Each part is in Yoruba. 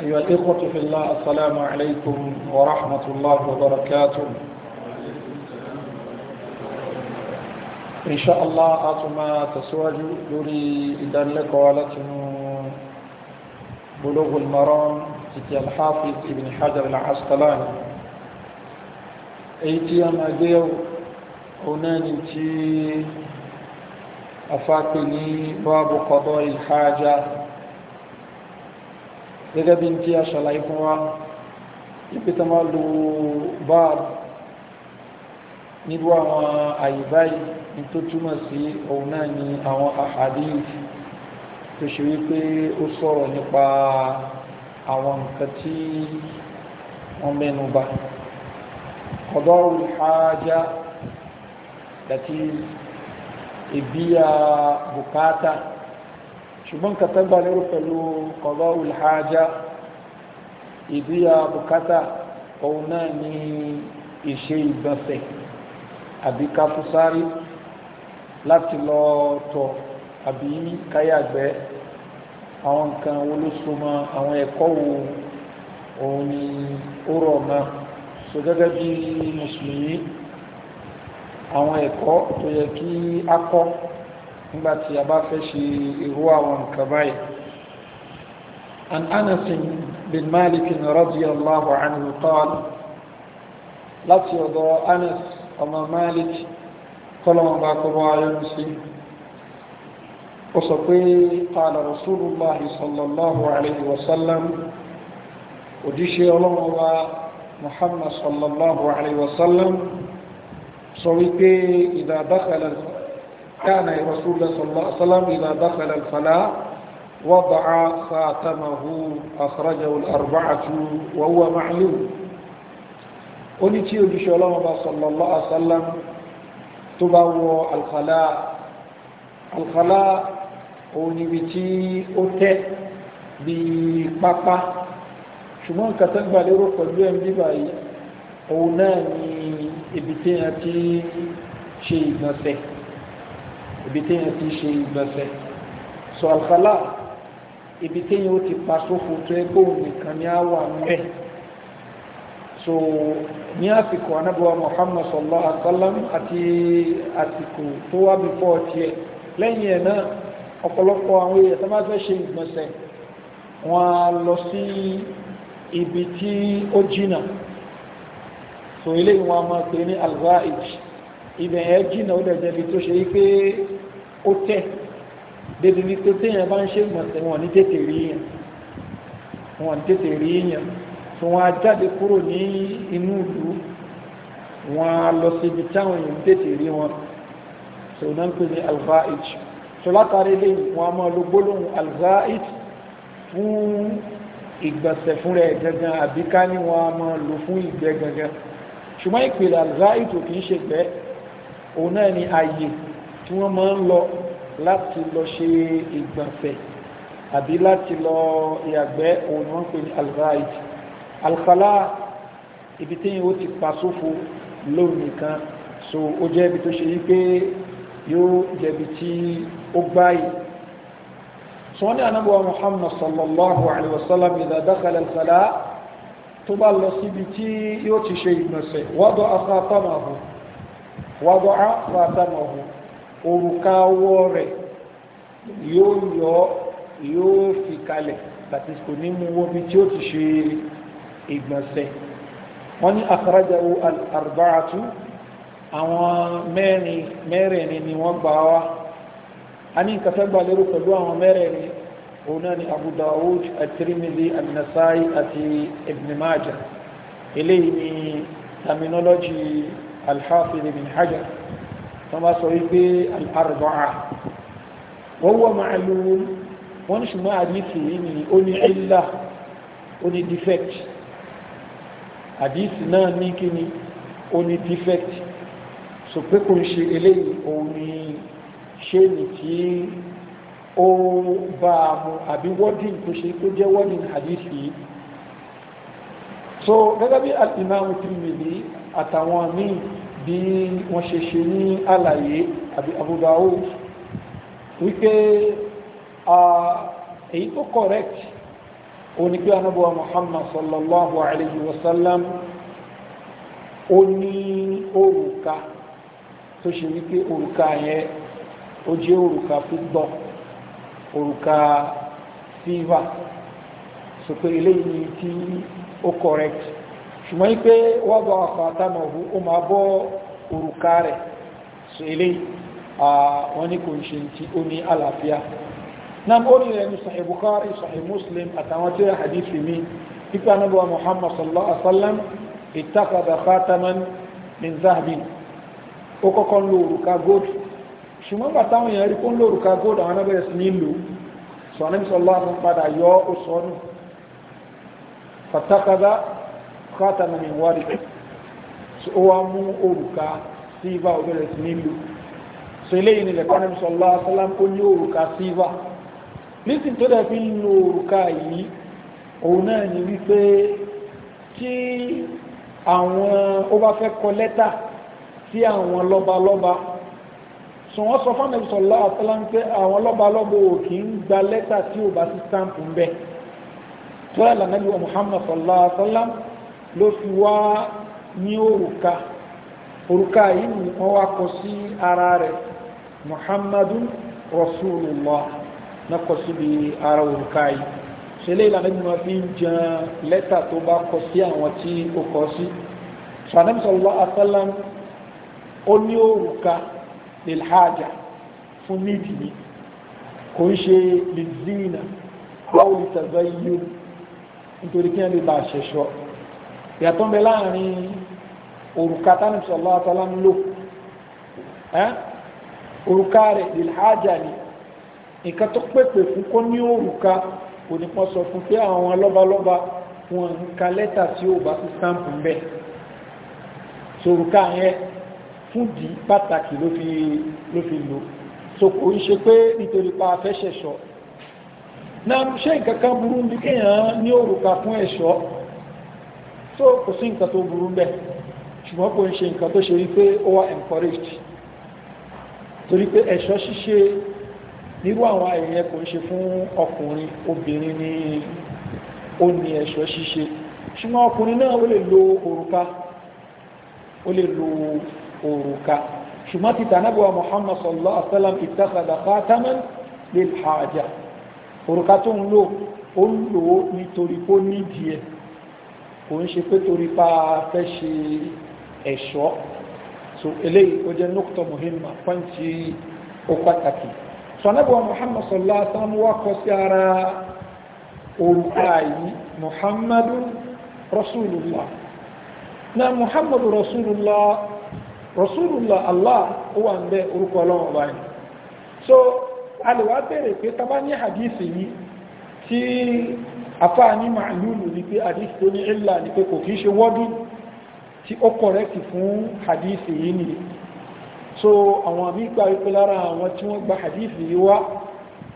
أيها الإخوة في الله السلام عليكم ورحمة الله وبركاته إن شاء الله أتما تسواج لوري إذن لك ولكن بلوغ المرام تتي الحافظ ابن حجر العسقلاني أيتي أما ديو أوناني تي أفاكني باب قضاء الحاجة gẹ́gẹ́ bí n tí a ṣàlàyé fún wa ìpítà máa lo báàb nílùú àwọn àyíbáyì ní tó túmọ̀ sí òun náà ni àwọn ahadith tó ṣe wípé ó sọ̀rọ̀ nípa àwọn nǹkan tí wọ́n mẹ́nu bà qada'ul haja that is ìbíyà bùkátà ṣùgbọ́n kàtà gbà lérò pẹ̀lú kọ̀gá ulhaja ìdíyà bukata òun náà ní ìṣe ìgbọ̀nsẹ̀ àbí káfúsárì láti lọ tọ̀ àbí káyàgbẹ́ àwọn nǹkan wo ló súnmọ́ àwọn ẹ̀kọ́ wo òun ni ó rọ̀ mọ́ so gẹ́gẹ́ bí mùsùlùmí àwọn ẹ̀kọ́ tó yẹ kí a kọ́ nígbàtí a bá fẹ́ ṣe irú àwọn nǹkan báyìí an anas bin malik radiyallahu anhu qala láti ọ̀dọ̀ anas ọmọ malik kọlọ́wọ́n bá kọ́ bọ́ ayọ́ sí ó sọ pé qala rasulullah sallallahu alayhi wa sallam òjíṣẹ́ ọlọ́wọ́n wa muhammad sallallahu alayhi wa sallam sọ wípé idha dakhala كان رسول الله صلى الله عليه وسلم إذا دخل الخلاء وضع خاتمه أخرجه الأربعة وهو معلوم ونتي وجيش صلى الله عليه وسلم تباو الخلاء الخلاء ونبتي أتى ببابا ṣùgbọ́n nǹkan tó gbà lérò pẹ̀lú ẹ̀ bíbà yìí òun náà ibi téèyàn ti ṣe ìgbọ̀nsẹ̀ sọ àlùkálà ibi téèyàn ó ti pa sófo ẹgbẹ́ òun nìkan ni á wà mẹ́ so ní àsìkò anábọ̀ Muhammad sallallahu alaihi wasallam àti àsìkò tó wà bí fọ́ tiẹ̀ lẹ́yìn ẹ̀ náà ọ̀pọ̀lọpọ̀ àwọn èèyàn tó máa fẹ́ ṣe ìgbọ̀nsẹ̀ wọ́n á lọ sí ibi tí ó jìnà so ilé ìwọ̀n a máa pè ní alvaij ibẹ̀ ẹ̀ jìnà ó dẹ̀ jẹ́ tó ṣe wípé ó tẹ̀ débi wípé téèyàn bá ń ṣe ìgbọ̀nsẹ̀ wọn ní tètè rí yẹn wọn ní tètè rí yẹn tí wọ́n á jáde kúrò ní inú ìlú wọn á lọ sí ibi táwọn èèyàn tètè rí wọn tó náà ń pè ní alvaij tó látàrí lè wọn a máa lo gbólóhùn alvaij fún ìgbọ̀nsẹ̀ fún rẹ̀ gangan àbí ká wọn a máa lò fún ìgbẹ́ gangan ṣùgbọ́n ìpìlẹ̀ alvaij ò kì í ṣe gbẹ́ òun náà ni ààyè tí wọ́n máa ń lọ láti lọ ṣe ìgbọ̀nfẹ̀ àbí láti lọ ìyàgbẹ́ òun ni wọ́n pè ní alghaid alkhala ibi tí yóò ti pa sófo lónìí kan so ó jẹ́ ibi tó ṣe yí pé yóò jẹ̀bi tí ó gbáyìí sọ́ni anábọ̀wá muhammad sallallahu alaihi wasallam idha dakhala tó bá lọ síbi tí yóò ti ṣe ìgbọ̀nsẹ̀ wọ́dọ̀ afátàmọ̀hù òrùka ọwọ́ rẹ̀ yóò yọ yóò fi kalẹ̀ tàbí kò ní mú omi tí ó ti ṣe ìgbọ̀nsẹ̀ wọ́n ní akhrajahu al-arba'atu àwọn mẹ́rin mẹ́rin ni wọ́n gbà wá a ní nǹkan gbà lérò pẹ̀lú àwọn mẹ́rin òun náà ni Abu Dawud at-Tirmidhi àti Ibn eléyìí ni terminology al-Hafiz Hajar tó bá sọ wípé al-arba'a wa huwa ma'lum wọ́n ní ṣùgbọ́n àdìsí yìí ni ó ní illa ó ní defect àdìsí náà ní kíni ó ní defect so pé kò ń ṣe eléyìí òun ni ṣé ní tí ó bá a mú àbí wọ́dìn tó ṣe tó jẹ́ wọ́dìn àdìsí so gẹ́gẹ́ bí al-Imam Tirmidhi àtàwọn míì bí wọ́n ṣe ṣe ní àlàyé àbí Abu Dawud wípé èyí tó correct o ní pé anábọ̀wà Muhammad sallallahu alayhi wa sallam ó ní òrùka tó ṣe wípé òrùka yẹn ó jẹ́ òrùka fúgbọ́ òrùka silver so pé eléyìí tí ó correct ṣùgbọ́n yí pé wọ́n bọ̀ àfàtàmà òhù ó máa bọ́ òrùka rẹ̀ so ilé wọn ni kò ń ṣe tí ó ní àlàáfíà náà ó ní ẹni sahih bukhari sahih muslim àtàwọn tí ó hadithi mi pípa anábọ̀ muhammad sallallahu alaihi wasallam ittakhadha khataman min zahabin ó kọ́kọ́ ń lo òrùka gold ṣùgbọ́n padà yọ ó sọ́nù kata min warid so ó wá mú òrùka sílva ó bẹ̀rẹ̀ sí nílò so eléyìí nílẹ̀ kan níbi sọ̀lá sálám ó ní òrùka sílva nísìn tó dẹ̀ fi ń lo òrùka yìí òun náà ni wípé tí àwọn ó bá fẹ́ kọ lẹ́tà sí àwọn lọ́balọ́ba so wọ́n sọ fún àmì sọ̀lá àtàlá ń pé àwọn lọ́balọ́ba ò kì í gba lẹ́tà tí ò bá sí stamp ń bẹ tó yà lànà bí wọn Muhammad sọ̀lá ló fi wá ní òrùka òrùka yìí ni wọ́n wá kọ sí ara rẹ̀ muhammadu rasulullah na kọ síbi ara òrùka yìí ṣẹlẹ̀ ìlànà ìgbìmọ̀ wọn fi ń jan lẹ́tà tó bá kọ sí àwọn tí ó kọ sí sànẹ́bí sallallahu ó ní òrùka lilhaja fún nídìí kò ń ṣe lizina láwùlítàzọ́ yìí nítorí kí wọ́n lè bá ṣẹ̀ṣọ́ yàtọ̀ bẹ láàrin òrùka tánàbí sallallahu alaihi wasallam lò òrùka rẹ̀ lilhaja ni nǹkan tó pèpè fún kó ní òrùka kò ní pọ́n sọ fún pé àwọn lọ́balọ́ba wọn ń ka lẹ́tà tí ó bá sí stamp ń bẹ̀ sòrùka yẹn fún di pàtàkì ló fi lò so kò ń ṣe pé nítorí pa afẹ́ ṣẹ̀ṣọ́ náà ṣé nǹkan kan burú bí kéèyàn ní òrùka fún ẹ̀ṣọ́ so kò sí nǹkan tó burú bẹ́ẹ̀ ṣùgbọ́n kò ń ṣe nǹkan tó ṣe wípé ó wà encouraged torí pé ẹ̀ṣọ́ ṣíṣe nírú àwọn ayẹyẹ kò ń ṣe fún ọkùnrin obìnrin ní ó ní ẹ̀ṣọ́ ṣíṣe ṣùgbọ́n ọkùnrin náà ó lè lo òrùka ó lè lo òrùka ṣùgbọ́n ti tànábíwá Muhammad sallallahu alaihi wasallam ittakhadha khataman lil haja òrùka tó ń lò ó ń lò ó nítorí kó nídìí ẹ̀ kò ń ṣe pé torí pa fẹ́ ṣe ẹ̀ṣọ́ so eléyìí ó jẹ́ nukta muhimma pọ́ǹtì ó pàtàkì sọ̀nẹ́bọ̀ muhammad sallallahu alaihi wasallam wá kọ sí ara orúkọ yìí muhammadu rasulullah na Muhammad rasulullah rasulullah allah ó wà ń bẹ orúkọ ọlọ́run ọba yìí so a lè wá bẹ̀rẹ̀ pé tá bá yìí tí afá ní màálùlù ní pé hadith tó ní ìlà ní pé kò kí ṣe wọ́dún tí ó kọ̀rẹ́kì fún hadith yìí ni so àwọn àmì gba wípé lára àwọn tí wọ́n gba hadith yìí wá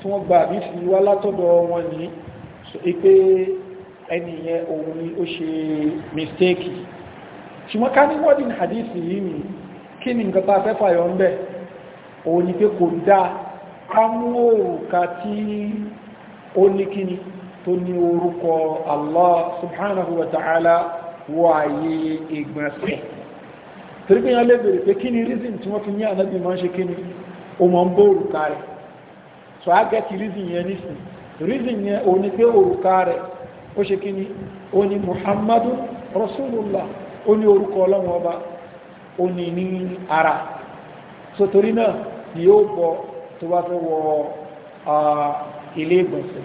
tí wọ́n gba hadith yìí wá látọ̀dọ̀ wọn ní so ipé ẹniyẹn òun ni ó ṣe mistake ṣùgbọ́n ká ní wọ́dún hadith yìí ni kí ni nǹkan bá fẹ́ fàyọ ń bẹ̀ òun ni pé kò dáa ká mú òrùka tí ó ní kíni tó ní orúkọ Allah subhanahu wa ta'ala wọ ààyè ìgbọ̀nsẹ̀ torípé yẹn lè bèrè pé kí ni reason tí wọ́n fi ní ànábì máa ń ṣe kí ni o máa ń bó òrùka rẹ̀ so a gẹ́tì reason yẹn nísìn reason yẹn o ní pé òrùka rẹ̀ ó ṣe kí ni o ní Muhammadu Rasulullah ó ní orúkọ ọlọ́run ọba ó ní ní ara so torí náà ni yóò bọ tó bá fẹ́ wọ ah, ilé ìgbọ̀nsẹ̀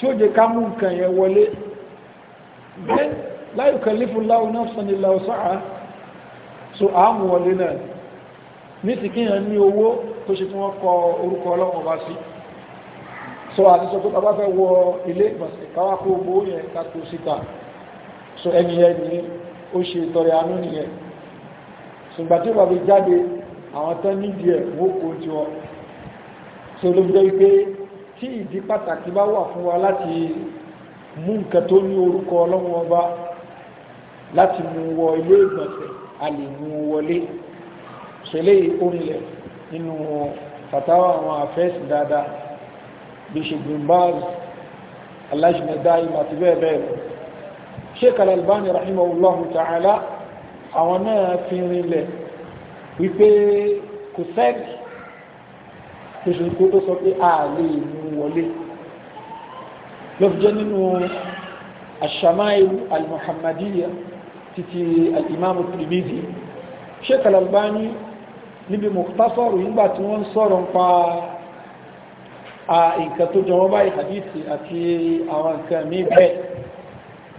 tí ó jẹ́ ká mú nǹkan yẹn wọlé bẹ́ẹ̀ la yukallifullahu nafsan illa wus'aha so àmú wọlé náà ní ti kíyàn ní owó tó ṣe tí wọ́n kọ orúkọ ọlọ́run bá sí so àti sọ pé bàbá fẹ́ wọ ilé ìgbọ̀nsẹ̀ káwá kó owó yẹn ká tó síta so ẹni yẹn ni ó ṣe ìtọrẹ àánú nìyẹn ṣùgbọ́n tí bàbá jáde àwọn tán nídìí ẹ̀ wọ́n kó tiwọn so ló ń jẹ́ wípé tí ìdí pàtàkì bá wà fún wa láti mú nǹkan tó ní orúkọ ọlọ́run ọba láti mú wọ ilé ìgbọ̀nsẹ̀ a lè mú wọlé ṣẹlẹ̀ orílẹ̀ nínú fatawa àwọn àfẹ́sì dáadáa bí ṣùgbọ́n báàrù aláṣìmẹ̀dá ìmọ̀ àti bẹ́ẹ̀ bẹ́ẹ̀ lọ sheikh al-albani rahimahullahu ta'ala àwọn náà fi rinlẹ̀ wípé kò sẹ́ẹ̀kì tó ṣe pé tó sọ pé a lè mú wọlé lọ́fíjẹ́ nínú aṣàmáìlú al-muhammadiyya títí al-imamu Tirmidhi Sheikh al-Albani níbi mọ̀tásọ̀rọ̀ nígbà tí wọ́n sọ̀rọ̀ ń pa a nǹkan tó jọmọ́ báyìí hadithi àti àwọn nǹkan mí bẹ́ẹ̀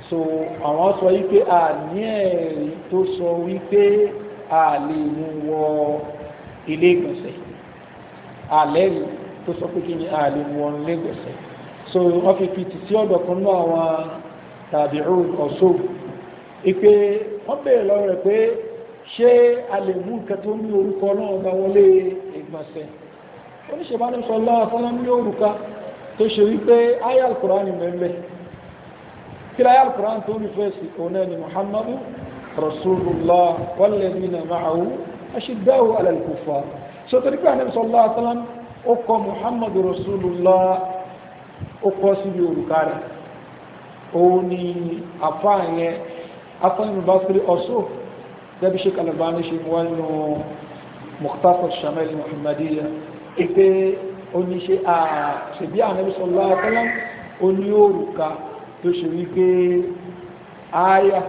so àwọn sọ wípé a ní ẹ̀rí tó sọ wípé a lè mú wọ ilé ìgbọ̀nsẹ̀ àlẹ́rìí tó sọ pé kí ni àlè wọn lẹ́gbẹ̀ẹ́sẹ̀ so wọ́n fi fi tìtí ọ̀dọ̀ kan náà àwọn tàbí ọ̀ṣọ́ ìpè wọ́n bèèrè lọ́wọ́ rẹ̀ pé ṣé a lè mú nǹkan tó ní orúkọ náà bá wọlé ìgbọ̀nsẹ̀ oníṣẹ́bánisọ láàfọ́nà ní orúkọ tó ṣe wípé ayé alkùrán ni mẹ́lẹ̀ kí láyé alkùrán tó ní fẹ́ sí sotori pé anabi sallallahu alaihi wasallam ó kọ muhammadu rasulullah ó kọ síbi òrùka rẹ̀ òun ni àfáà yẹn afọ́nìmọ̀ bá fi ọ̀ṣọ́ gẹ́bí ṣe kalabani ṣe wọ́n nù mukhtasar shamil muhammadiyya ipe oníṣe àṣẹbí anabi sallallahu alaihi wasallam oní òrùka tó ṣe wípé aya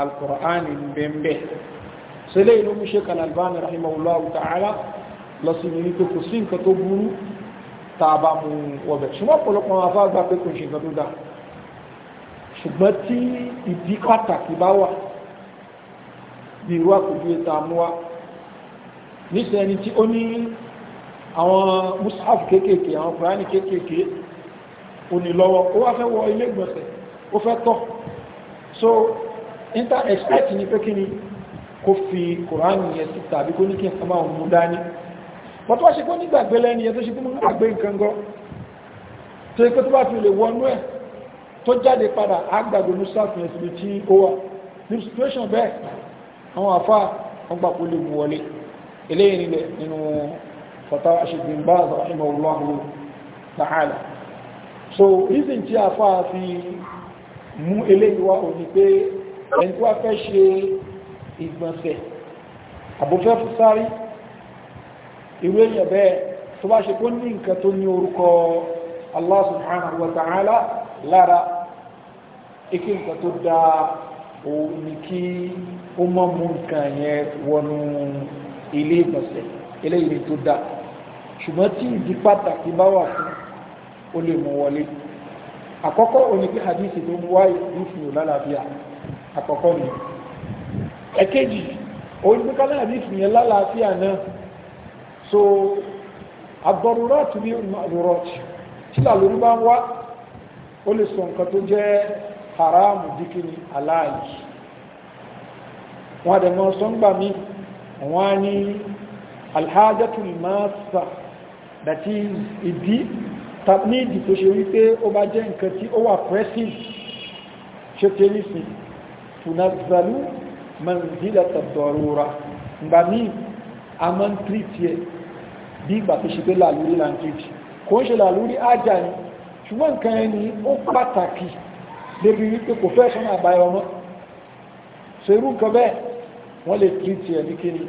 alkùránì bẹ̀m̀bẹ̀ sílé inú mú ṣe kalabani rahimahullahu ta'ala lọ sí ibi wípé kò sí nǹkan tó burú tá a bá mú wọbẹ̀ ṣùgbọ́n ọ̀pọ̀lọpọ̀ àwọn afá gbà pé kò ṣe nǹkan tó dáa ṣùgbọ́n tí ìdí pàtàkì bá wà bí irú àpèjúwe tá a mú ẹni tí ó ní àwọn mushaf kéékèèké àwọn kùránì kéékèèké ó ní lọ́wọ́ ó wá fẹ́ wọ ilé ìgbọ̀nsẹ̀ ó fẹ́ tọ̀ so inter expect ni pé kí ni kó fi kùránì yẹn síta àbí kó ní kí n kọ́ máa mú dání pọ̀tọ́ wá ṣe kó nígbàgbé lẹ́ni ẹ̀ tó ṣe fún àgbé nǹkan gọ́ tó ikú tó bá fi lè wọnú ẹ̀ tó jáde padà àgbàgbé ní sáfin ẹ̀sìn ibi tí ó wà ní situation bẹ́ẹ̀ àwọn àfá ọgbà lè mú wọlé eléyìí nínú fatawa Sheikh Bin so reason tí àfá fi mú eléyìí wá òní pé ẹni tó wá fẹ́ ìgbọ̀nsẹ̀ àbúfẹ́ fún sáré ìwé yẹn bẹ́ẹ̀ tó bá ṣe kó ní nǹkan tó ní orúkọ Allah subhanahu wa ta'ala lára ike nǹkan tó da òun ni kí ó mọ̀ mú nǹkan yẹn wọnú ilé ìgbọ̀nsẹ̀ eléyìí tó da ṣùgbọ́n tí ìdí pàtàkì bá wà fún ó lè mú wọlé àkọ́kọ́ òní pé hadithi tó ń wá ìrúfin ò àkọ́kọ́ ni ẹ̀kejì òní pé kálá hadithi yẹn lálàáfíà náà so àgbọ̀rúrọ̀ tó ní ìmọ̀rọ̀ tí làlórí bá ń wá ó lè sọ nǹkan tó jẹ́ haramu dikini aláàlì wọ́n àdẹ̀mọ́ sọ́ngbà míì wọ́n á ní alhajjatul masa that is ìdí ní ìdí tó ṣe wípé ó bá jẹ́ nǹkan tí ó wà pressing ṣe tẹ́ a máa ń bí ìgbà tó ṣe pé làlúrí language kò ń ṣe làlúrí ájá ni ṣùgbọ́n nǹkan ẹni ó pàtàkì débi wípé kò fẹ́ sọ́nà àbáyọ mọ́ so irú nǹkan bẹ́ẹ̀ wọ́n lè treat ẹ̀ ní kíni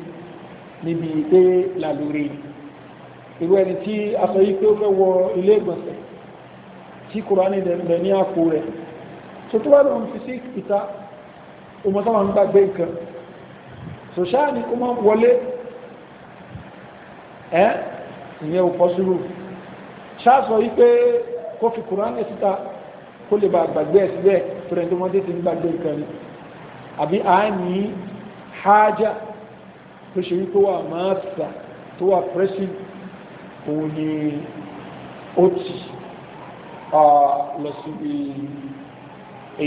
níbi pé làlúrí irú ẹni tí a sọ yí pé ó fẹ́ wọ ilé ìgbọ̀nsẹ̀ tí kùránì dẹ̀ ní àpò rẹ̀ so tó wá lóun fi sí ìta ọmọ sáwọn gbàgbé nǹkan so ṣáà ni kó máa wọlé ẹ́ ìyẹn ò pọ́sùrù ṣáàsọ wípé kó fi kùránì síta kó lè bá gbàgbé ẹ̀ síbẹ̀ tó rẹ̀ ndómọdé ti ń gbàgbé nǹkan àbí a ní hájá tó ṣe wípé wà máa sà tó wà pẹ́sì ni ó ti lọ síbi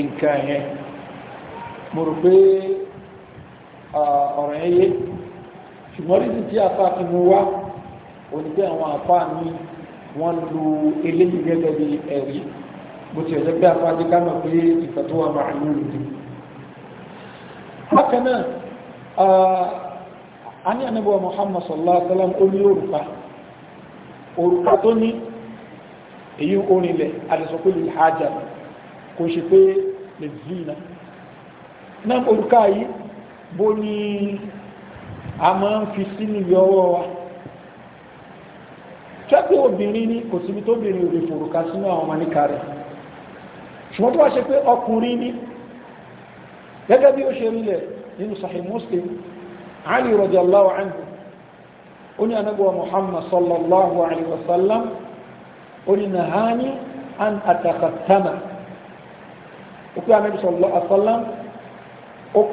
nǹkan yẹn mo rò pé ọ̀rọ̀ ṣùgbọ́n rí tí a fa fi mu wá onígbé àwọn àfáà ní wọ́n lu eléyìí gẹ́gẹ́ bí ẹ̀rí bó ti ẹ̀jẹ̀ pé àfáà jẹ́ ká mọ̀ pé ìfẹ́ tó wà máa ń lò ní. bákan náà a ní ànábọ̀ Muhammad sallallahu alaihi wa sallam ó ní òrùka òrùka tó ní èyí orinlẹ̀ àdìsọ́pé lè hájà kò ṣe pé lè zina náà òrùka yìí bó ní a máa ń fi sínú yọwọ́ wa tẹ́pẹ́ obìnrin ní kò síbi tó bèèrè òde fòrùka sínú àwọn ọmọ níka rẹ̀ ṣùgbọ́n tó wá ṣe pé ọkùnrin ní gẹ́gẹ́ bí ó ṣe rílẹ̀ nínú Sahih Muslim Ali radiyallahu anhu ó ní anábọ̀ Muhammad sallallahu alaihi wasallam ó ní nahani an atakatama ó pé anábì sallallahu òun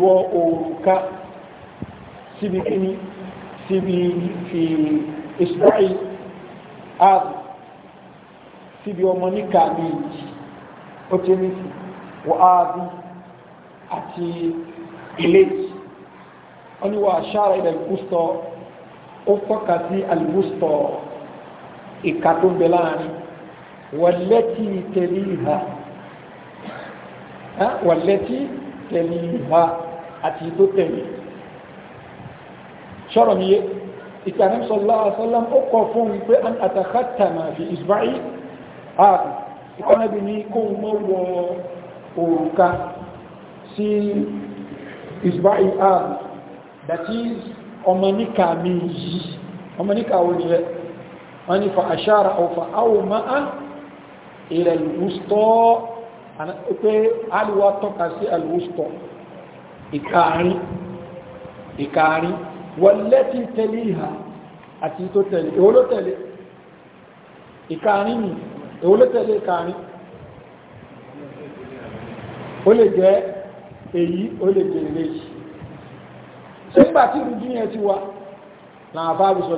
wọ òrùka síbi kíní síbi fi ìsúráì ààbò síbi ọmọ níka méjì ó ti ní sí wọ ààbò àti ilé ó ní wọ àṣàrà ilẹ̀ ìkúsọ ó tọ́ka sí àlùbùsọ ìka tó ń bẹ láàrin wọ̀lẹ́tì tẹ̀lé ìhà wọ̀lẹ́tì tẹ̀lé ìhà àti tó tẹ̀lé ṣọ́rọ̀ mi yé ìtànàm sallallahu alaihi wasallam ó kọ fún mi pé an atakhatama fi isba'i ààbò ìkọ́nàbí ní kó mọ́ wọ òrùka sí isba'i ààbò that is ọmọ níka mi yìí ọmọ níka wo ni rẹ wọ́n ni wọ̀lẹ́tì tẹ̀lé ìhà àti tó tẹ̀lé èwo ló tẹ̀lé ìkàrin ni èwo ló tẹ̀lé ìkàrin ó lè jẹ́ èyí ó lè jẹ́ eléyìí sẹ́gbà tí ìrújú yẹn ti wá náà bá rí sọ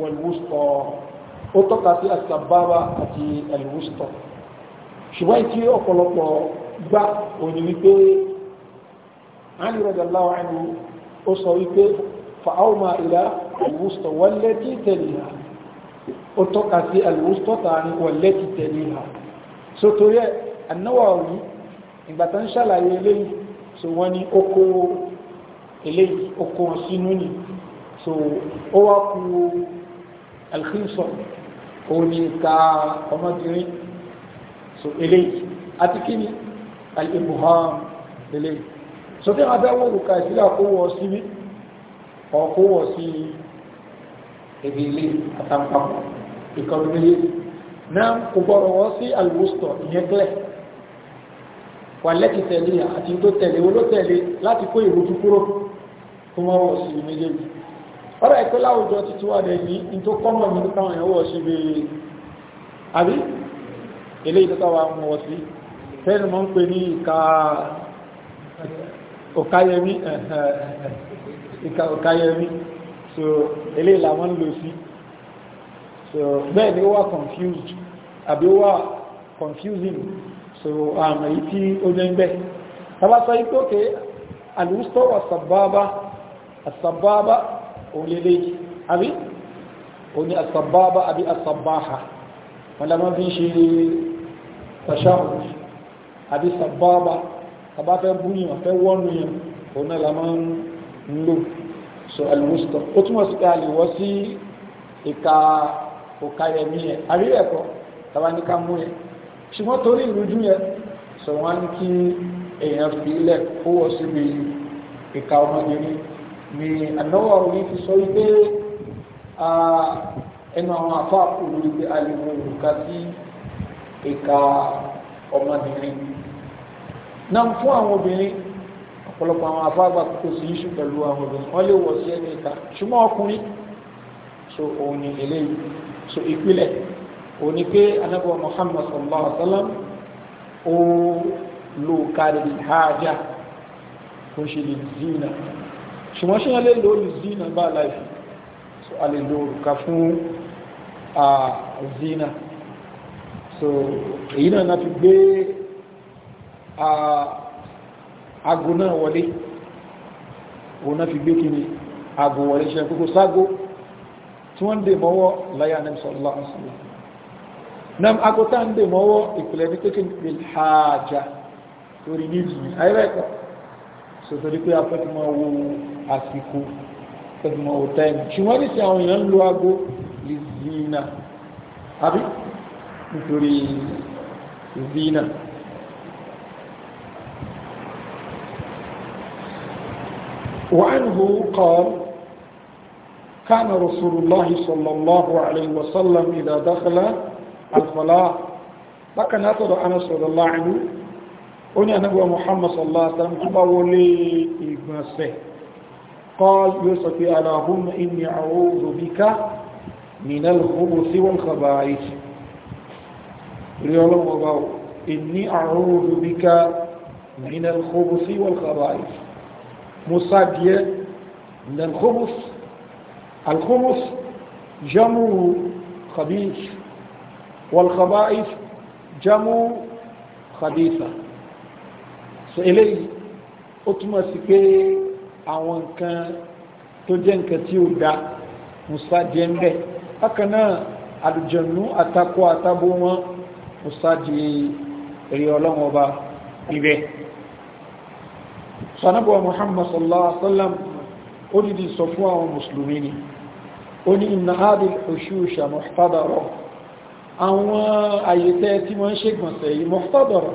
wọlwústọ ó tọ́ka sí àtàbábà àti ẹlwústọ ṣùgbọ́n tí ọ̀pọ̀lọpọ̀ gbá òní wípé Ali radiyallahu anhu ó sọ wípé fa'auma ila alwústọ wallati taliha ó tọ́ka sí alwústọ tààrin wallati taliha so torí ẹ̀ An-Nawawi ìgbàtà ń ṣàlàyé eléyìí so wọ́n ní ó kó alkhilsọ òun ni ìka ọmọbìnrin so eléyìí àti kí ni al-ibuham eléyìí so tí wọn bẹ́ẹ̀ wọ́n lùkà ìsílẹ̀ àkówó síbí ọkówó sí ebi ilé àtàkpàkọ̀ ìkọlù méjèèjì náà kò gbọ́dọ̀ wọ́n sí alwustọ̀ ìyẹn gẹ́lẹ̀ wà lẹ́tì tẹ̀lé àti tó tẹ̀lé olótẹ̀lé láti kó ìrújú kúrò kó wọ́n wọ̀ sí méjèèjì ọ̀rọ̀ ẹ̀kọ́ láwùjọ títí wà rẹ̀ ní tó kọ́mọ̀ ní táwọn èèyàn wọ̀ sí bèèrè àbí ilé ìtọ́tàwà mọ̀ sí tẹ́nu mọ́ ń pè ní ìka òkáyẹmí so ilé ìlàwọ́n lò sí so bẹ́ẹ̀ ni ó wà confused àbí ó wà confusing so àmà yìí tí ó jẹ́ ń bẹ́ tabasa ikókè alùsọ́wọ̀ sàbábá òun lè léyìí àbí òun ni àsàbábà àbí àsàbáhà wọn làwọn fi ń ṣe tàṣáhùn àbí sàbábà tàbá fẹ́ búyìn àfẹ́ wọ́nu yẹn òun náà làwọn ń lò so alwusta ó túmọ̀ sí pé a lè wọ́ sí ìka òka yẹn ní yẹn ṣùgbọ́n torí ìrújú yẹn sọ wọ́n ní kí èèyàn fi ilẹ̀ kó síbi ìka ọmọdé ní ni An-Nawawi fi sọ wípé ẹnu àwọn afọ àpòlù wípé a lè mú òrùka sí ìka ọmọbìnrin náà fún àwọn obìnrin ọ̀pọ̀lọpọ̀ àwọn afọ àgbà kò sí iṣu pẹ̀lú àwọn obìnrin wọ́n lè wọ̀ sí ẹni ìka ṣùgbọ́n ọkùnrin so òun ni eléyìí so ìpìlẹ̀ òun ni pé anábọ̀ Muhammad sallallahu alaihi wa sallam ó lò kárí ìhájà kò ṣe lè zina ṣùgbọ́n ṣe yẹn lè zina bá láìfì so a lè lo òrùka fún zina so èyí náà náà fi gbé aago náà wọlé òun náà fi gbé kí ni aago wọlé ṣe kókó ságo tí wọ́n dè mọ́wọ́ láyà ní sọ́lá ọ̀sán nam agota ń dè mọ́wọ́ ìpìlẹ̀ ní kékeré ìpìlẹ̀ hajjá torí ní sọtọ́jú pé afẹ́tí máa wo àsìkò afẹ́tí máa wo táìmù ṣùgbọ́n ní sí àwọn èèyàn ń lo aago lizina àbí nítorí zina. وعنه قال كان رسول الله صلى الله عليه وسلم إذا دخل الصلاة لكن أتدى أنس رضي الله عنه ó ní ànábọ̀wà Muhammad sallallahu alaihi wasallam tó bá wọlé ìgbọ̀nsẹ̀ قال يوسف اللهم إني أعوذ بك من الخبث والخبائث ريولو وباو إني أعوذ بك من الخبث والخبائث مصادية من الخبث الخبث جمع خبيث والخبائث جمع خبيثة so eléyìí ó túmọ̀ sí pé àwọn nǹkan tó jẹ́ nǹkan tí ó da musa jẹ́ ń bẹ̀ bákan náà àlùjọ̀nù àtakọ àtabo wọn musa di èrè ọlọ́wọ́n ọba ibẹ̀ sanabuwa muhammad sallallahu alaihi wasallam ó dìdí sọ fún àwọn mùsùlùmí ni ó ní inna hadil ushusha muhtadara àwọn àyètẹ́ tí wọ́n ń ṣègbọ̀nsẹ̀ yìí muhtadara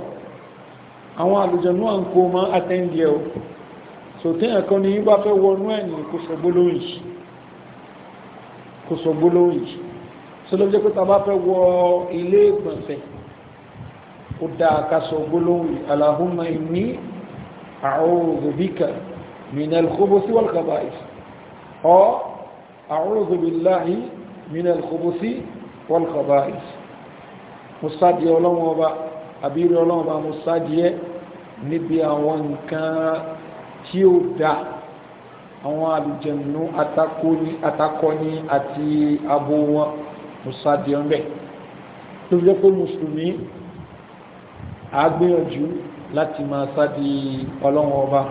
àwọn àlùjọ̀nú à ń kó mọ́ àtẹ́ndì ẹ̀ o so téèyàn kan ní bá fẹ́ wọnú ẹ̀ ní kò sọ gbólóhùn yìí kò sọ gbólóhùn so ló jẹ́ pé ta fẹ́ wọ ilé ìgbọ̀nsẹ̀ ó dáa ká sọ gbólóhùn yìí Allahumma inni a'udhu bika min al-khubuthi wal khaba'ith or àbí irú ọlọ́run bá mo sádìẹ níbi àwọn nǹkan tí ó dá àwọn àlùjẹ̀nù atakọni àti abo wọn mo sádìẹ ń bẹ̀ tó fi jẹ́ pé mùsùlùmí á gbìyànjú láti máa sádi ọlọ́run ọba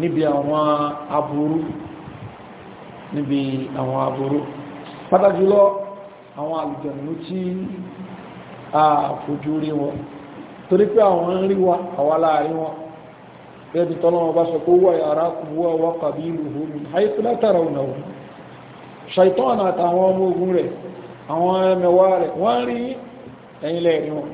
níbi àwọn aburú níbi àwọn aburú pàtàkì àwọn àlùjẹ̀nù tí àfojú rí wọn torí pé àwọn ń rí wa àwa láàrin wọn bẹ́ẹ̀ni tọ́lọ́wọ́ bá sọ pé wà yàrá kù wà wà kàbí ìlú omi àìkú látara ṣàìtàn àtàwọn ọmọ ogun rẹ̀ àwọn ẹmẹ̀wà rẹ̀ wọ́n rí ẹ̀yìn wọn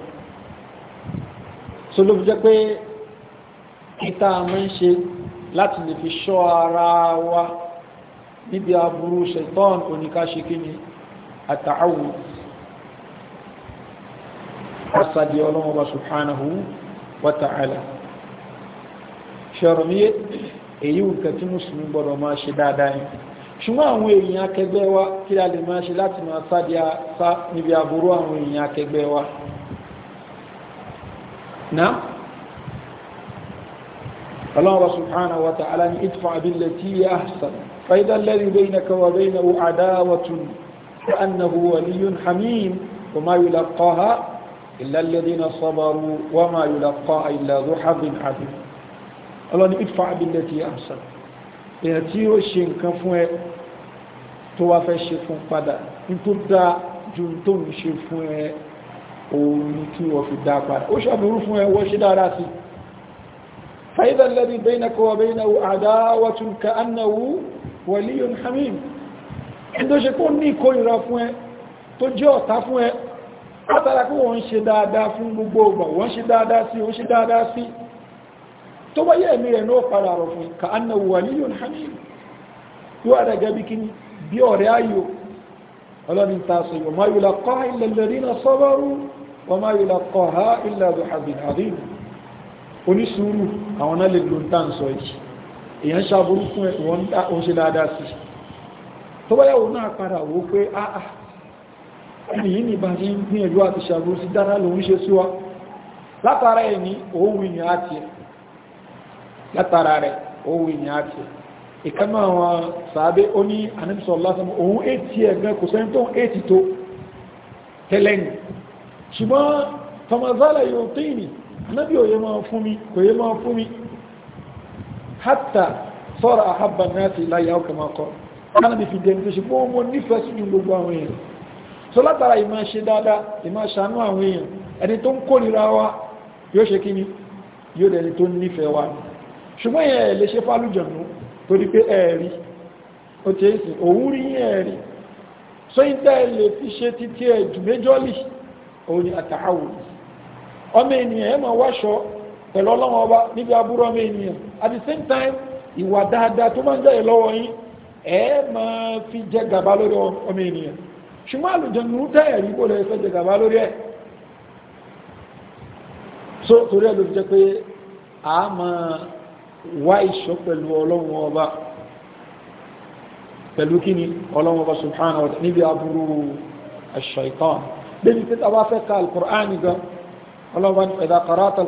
pàṣàdé ọlọ́mọba subhanahu wa ta'ala ṣọ̀rọ̀míyé èyí nǹkan tí mùsùlùmí gbọ́dọ̀ máa ṣe dáadáa yìí ṣùgbọ́n àwọn èèyàn akẹgbẹ́ wa kí a lè máa ṣe láti máa sáde sá níbi àbúrò àwọn èèyàn akẹgbẹ́ wa náà Allah subhanahu wa ta'ala ni idfa billati hiya ahsan fa idha alladhi baynaka wa baynahu adawatun ka annahu waliyyun hamim illa alladhina sabaru wa ma yulaqqa illa dhu hazzin azim ọlọ́ni ìfà billati ahsan èèyàn tí ó ṣe nǹkan fún ẹ tó wá fẹ́ ṣe fún padà ní tó dáa ju tó ń ṣe fún ẹ òun ni kí wọ́n fi dáa padà ó ṣàbúrú fún ẹ wọ́n ṣe dáadáa sí فإذا الذي بينك وبينه عداوة كأنه ولي حميم ẹ̀dọ́ ṣe kó ní ìkórìíra fún ẹ tó jẹ́ ọ̀tá fún ẹ látara pé wọ́n ń ṣe dáadáa fún gbogbo ọgbà wọ́n ṣe dáadáa sí wọ́n ṣe dáadáa sí tó bá yẹ ẹ̀mí rẹ̀ náà padà rọ̀ fún ka annahu waliyyun hamim yóò àdàgẹ́ bí kíní bí ọ̀rẹ́ ayò ọlọ́ni ta sọ wa ma yulaqaha illa alladhina sabaru wọ́n ṣe dáadáa sí tó bá yẹ òun náà padà wò pé ẹni yìí ní ìbá ní gbìyànjú àti ṣàgbó sí dáná lòun ṣe sí wa látara ẹ̀ ní òun ìyàn àti ẹ̀ látara rẹ̀ òun ìyàn àti ẹ̀ ìkánná àwọn sàábé ó ní àníbísọ̀ lásán òun ètì ẹ̀ gan kò sẹ́ni tó ń ètì tó tẹ́lẹ̀ ní ṣùgbọ́n tọmọzálà yóò tí ní anábí òye máa fún mi kò yé so látara ìmọ̀ ṣe dáadáa ìmọ̀ ṣàánú àwọn èèyàn ẹni tó ń kórìíra wa yóò ṣe kí ni yóò dẹni tó nífẹ̀ẹ́ wa ṣùgbọ́n ẹ̀ lè ṣe fálùjọ̀nù torí pé ẹ̀ẹ̀rí ó ti èsì òun rí ẹ̀ẹ̀rí so ń tẹ́ lè fi ṣe títí ẹ̀ jù méjọ́lì òun ni àtàwòrán ọmọ ènìyàn ẹ̀ máa wáṣọ pẹ̀lú ọlọ́wọ́n ọba níbi aburú ọmọ ènìyàn at the same time ìwà dáadáa tó máa ń jáde lọ́wọ́ yín ẹ̀ máa fi jẹ gàba lórí ọmọ ènìyàn ṣùgbọ́n àlùjọ̀nù tẹ́ẹ̀rí bó lọ ẹ̀fẹ́ jẹ gàbá lórí ẹ̀ so torí ẹ̀ ló fi jẹ́ pé a máa wá ìṣọ́ pẹ̀lú ọlọ́run ọba pẹ̀lú kíni ọlọ́run ọba subhanahu wa ta'ala níbi aburú ash-shaytan débi pé tàbá fẹ́ ka al-Qur'an gan ọba idha qara'ta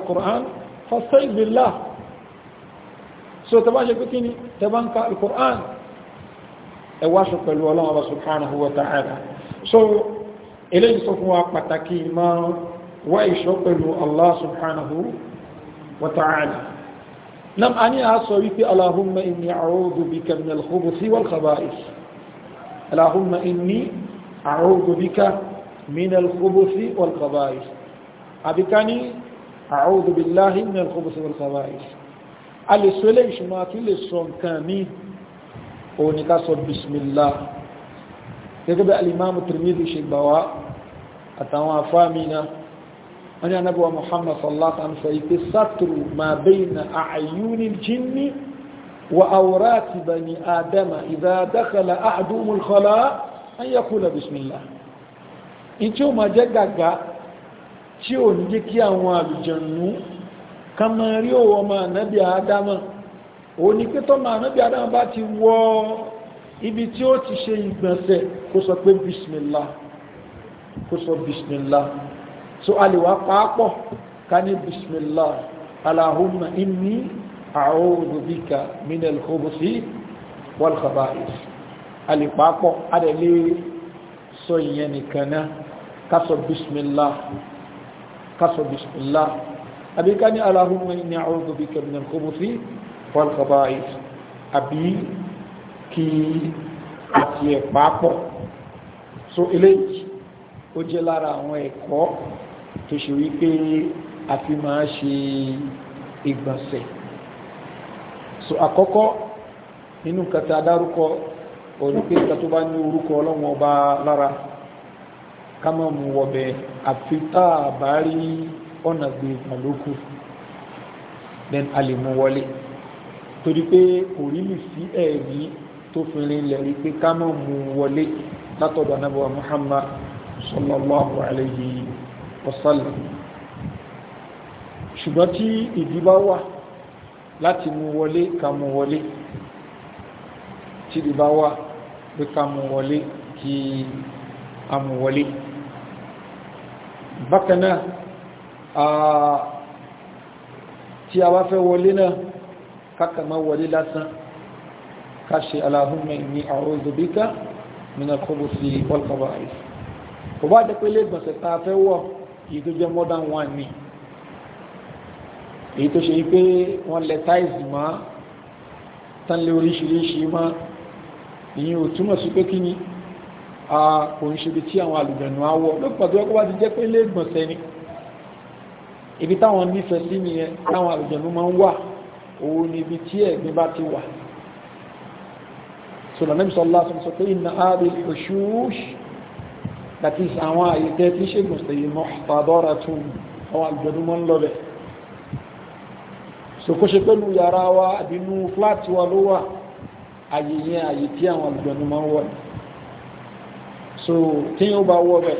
ọba subhanahu so eléyìí sọ fún wa pàtàkì máa wá ìṣọ́ pẹ̀lú Allah subhanahu wa ta'ala nam a ní a sọ wípé Allahumma inni a'udhu bika min al-khubuthi wal khaba'ith Allahumma inni a'udhu bika min al-khubuthi wal khaba'ith àbíkání a'udhu billahi min al-khubuthi wal khaba'ith a lè sọ eléyìí ṣùgbọ́n a tún lè bismillah gẹ́gẹ́ bí alimamu Tirmidhi ṣe gbà wá àtàwọn afáàmìnà wọ́n ni anábíwa Muhammad sallallahu alaihi wasallam ipe satru ma bayna a'yuni jinni wa awrati bani adama idha dakhala ahaduhumul khala an yaqula bismillah in tí ó ma jẹ́ gàgà tí ò ní jẹ́ kí àwọn àlùjànnú ká máa rí òwò ọmọ ti wọ́ ibi tí ó ti ṣe ìgbọ̀nsẹ̀ kó sọ pé bismillah kó sọ bismillah so a lè wá pàápọ̀ ká ní bismillah allahumma inni a'udhu bika minal khubuthi wal khaba'ith a lè pàápọ̀ a lè lè sọ ìyẹn nìkan náà ká sọ bismillah ká sọ bismillah àbí ní allahumma inni a'udhu bika minal khubuthi wal khaba'ith àbí kí àti ẹ̀pá pọ̀ so eléyìí ó jẹ́ lára àwọn ẹ̀kọ́ tó ṣe wípé a fi máa ṣe ìgbọ̀nsẹ̀ so àkọ́kọ́ nínú kata dárúkọ olùpé nǹkan tó bá ní orúkọ ọlọ́run ọba lára ká mú wọbẹ̀ àfi tá ọ̀nà gbé ìgbàlókù then a lè mú wọlé torí pé kò rí lè sí ẹ̀rí tó fi rinlẹ̀ wípé ká mọ̀ mú wọlé látọ̀dọ̀ anábọ̀ Muhammad sallallahu alayhi wa sallam ṣùgbọ́n tí ìdí bá wà láti mú wọlé ká mú wọlé tí ìdí wà pé ká mú wọlé kí a mú wọlé bákan tí a wá fẹ́ wọlé náà kákàmá wọlé lásán káṣe aláhùnmẹ́ ní àwọn òzòbíkà nínú kọ́bù sí wọ́lkọ́bà àìsí kò bá jẹ́ pé ilé ìgbọ̀nsẹ̀ tá a fẹ́ wọ̀ èyí tó jẹ́ modern one ni èyí tó ṣe pé wọ́n lẹ táìsì mọ́ tán lé oríṣiríṣi mọ́ ìyẹn ò túmọ̀ sí pé kí a kò ń ṣebi tí àwọn àlùbẹ̀nù á wọ̀ lópin àti wọ́n bá ti jẹ́ pé ilé ìgbọ̀nsẹ̀ ni so lọ́nà bí sọ́lá sọ pé iná àbí òṣùṣù that is àwọn àyè tẹ́ tí ṣègùn sèyí mọ́ tàdọ́ra tún àwọn àjọ̀dúnmọ́ ń lọ́bẹ̀ so kó ṣe pẹ̀lú yàrá wa àbínú flat wa ló wà àyè yẹn àyè tí so tí yóò bá wọ́ bẹ̀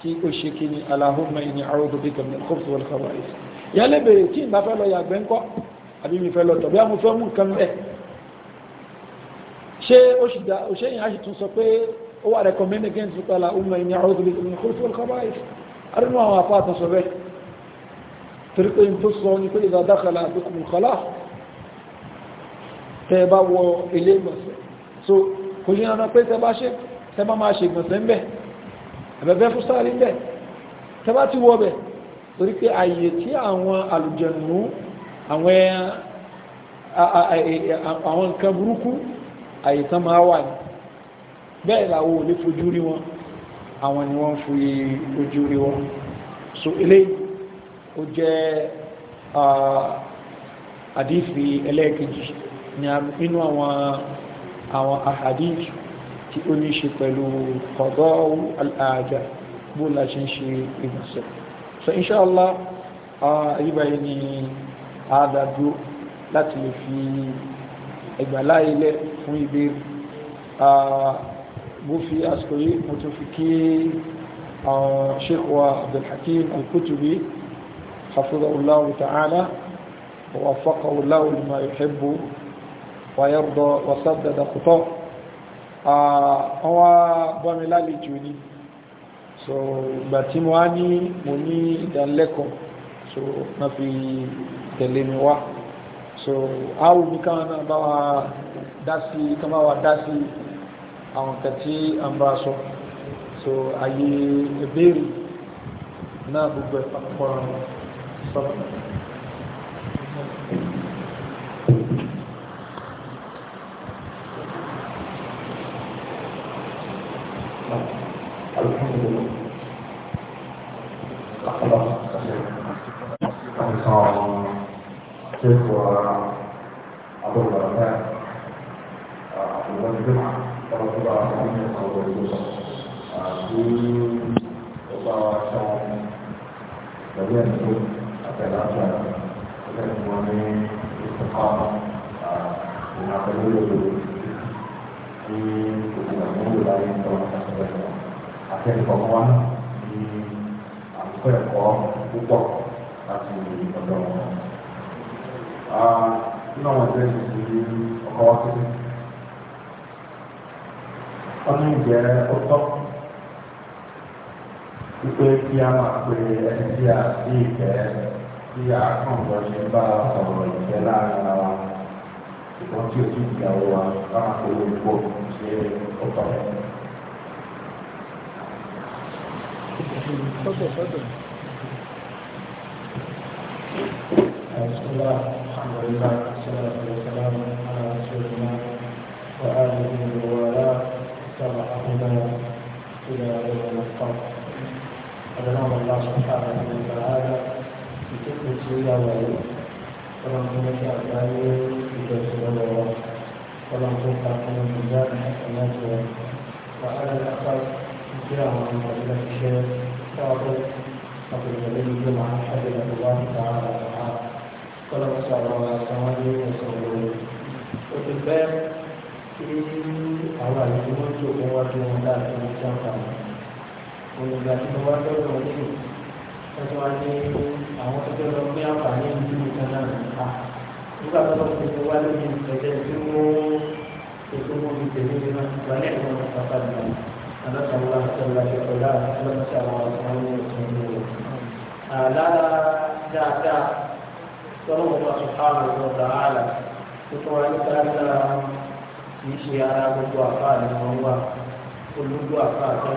kí ó ṣe Allahumma inni a'udhu bika min al-khubuthi wal-khaba'ith yálẹ̀ bèrè tí ìgbà fẹ́ lọ yàgbẹ́ ńkọ́ àbí mi fẹ́ lọ tọ̀ bí a mo fẹ́ mú nǹkan bẹ́ẹ̀ ṣé ó ṣì dá ó ṣe yìí á sì tún sọ pé ó wà recommend against bukala umma ìní àwọn òbí ìní kó tó kọ́ báyìí arínú àwọn apá àtúnṣọ bẹ́ẹ̀ torí pé tó sọ ní pé ìdá dákàlà àdókùnrin kọlá tẹ́ bá wọ ilé ìgbọ̀nsẹ̀ so kò yí ọ̀nà pé tẹ́ bá ṣe tẹ́ bá máa ṣe ìgbọ̀nsẹ̀ ń bẹ̀ ẹ̀bẹ̀bẹ̀ fún sáàrí ń bẹ̀ tẹ́ bá ti wọ́ bẹ̀ torí pé àyè tí àwọn àlùjẹ̀nù àwọn nǹkan burúkú àyètán máa wà ní bẹ́ẹ̀ làwọ́ ò lè fojú rí wọn àwọn ni wọ́n fi ojú rí wọn so ilé ó jẹ́ àdífi ẹlẹ́ẹ̀kejì nínú àwọn àwọn àhàdíf tí ó ní ṣe pẹ̀lú ọ̀dọ́ al'ájá bó láti ṣe ìgbọ̀nsẹ̀ so inṣáàlá ni láti lè fi ẹgbàláyé lẹ́ẹ̀ fún ìbéèrè bó fi àsìkò yìí mo tún fi kí Sheikh wa Abdulhakim Al-Kutubi hafizahullahu ta'ala ووفقه الله لما يحب ويرضى وسدد خطاه àwọn bọ́mi lálejò ni so ìgbà tí mo wá ní mo ní ìdánilẹ́kọ̀ọ́ so wọ́n fi tẹ̀lé mi wá so áwù mi káwọn náà bá dasi sí i kán bá wa dá sí àwọn nǹkan so àyè ìbéèrè náà gbogbo ẹ̀ pàpọ̀ sọ̀rọ̀. pé ẹni tí a sí ìfẹ́ tí a kàn lọ ṣe bá ọ̀rọ̀ ìfẹ́ láàrin ara wa ṣùgbọ́n tí o ti ìyàwó wa bá máa polówó pọ̀ ṣe ó tọ́ ẹ. بسم سبحانه وتعالى بكل سوية وعلم فلم تمت أعدائي بدرس الله فلم تبقى من الميزان حسنات وعلى الأقل جاء من فضيلة الشيخ فاضل قبل ليل الجمعة حفظه الله تعالى وتعالى فلم صلى الله عليه وسلم وفي الباب tí àwọn àlejò mọ́tò wọn wá bí wọn dáa tó ń jẹun kàwọn. Ònìgbà tí mo wá lọ́wọ́ wọn lẹ́yìn tọ́jú wa àwọn tó jọ pé àǹfààní ìlú nìkan náà nípa nígbà tó lọ́ọ́ tẹ̀lé wá lórí ìtẹ̀jẹ́ tí ó ètò omi tẹ̀lé ní wà ní ẹ̀rọ pàpà nìyà alásàmúlá àtẹ̀lá ìkọlá àtẹ̀lá àwọn ọ̀sán ní ọ̀sán ní ọ̀sán. lára dáadáa tọ́lọ́ mọ́ sùpáàlù ọ̀dà àlà tó tún wá dáadáa kì í ṣe ara gbogbo àfáà ní wọn wà ológbò àfáà tó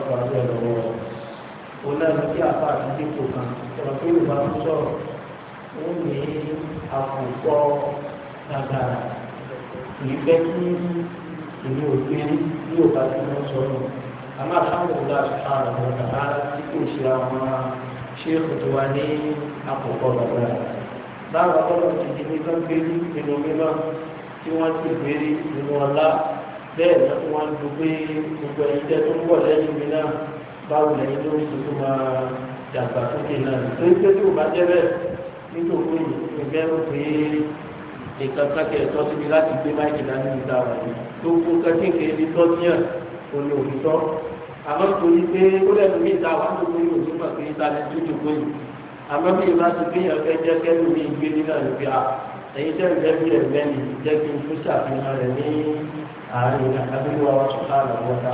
òun náà ló kí àpá àti dípò kan ọ̀rọ̀ tó yorùbá ń sọ̀rọ̀ ó ní àkùkọ gbàgbàrà kì í fẹ́ kí ìlú òfin ní yorùbá tí wọ́n sọ̀rọ̀ àmọ́ àtàwọn ọ̀gá àtàwọn ọ̀gá rárá tí kò ṣe àwọn ṣé òtò wa ní àkùkọ gbàgbàrà báwo ọlọ́run ti di nígbà gbélé nínú mímọ́ tí wọ́n ti gbélé nínú ọlá bẹ́ẹ̀ ni wọ́n ń dúpẹ́ gbogbo ẹ̀yìn tẹ́ tó ń bọ̀ lẹ́yìn mi náà báwo lẹ́yìn tó ń tuntun máa dàgbà sókè náà tó ń tẹ́tí ò bá jẹ́ bẹ́ẹ̀ nítorí ìgbẹ́rù pé nǹkan kákẹ́ ẹ̀tọ́ síbi láti gbé máìkì dání níta wà ní gbogbo kẹ́kẹ́kẹ́ ibi tọ́ níyàn kò ní òtítọ́ àmọ́ torí pé ó lẹ́nu mí ta wà tó kórè òtún mà pé ta ni tútù pé àmọ́ bí ìlú láti gbéyàn fẹ́ jẹ́ kẹ́lù mi gbé nínú àlùfẹ́ à ẹ̀yin tẹ́ ìjẹ́ bí ẹ̀gbẹ́ ni jẹ́ kí n tún ṣàfihàn rẹ̀ ní àárín àdúgbò àwọn ṣùgbọ́n àwọn ọ̀tá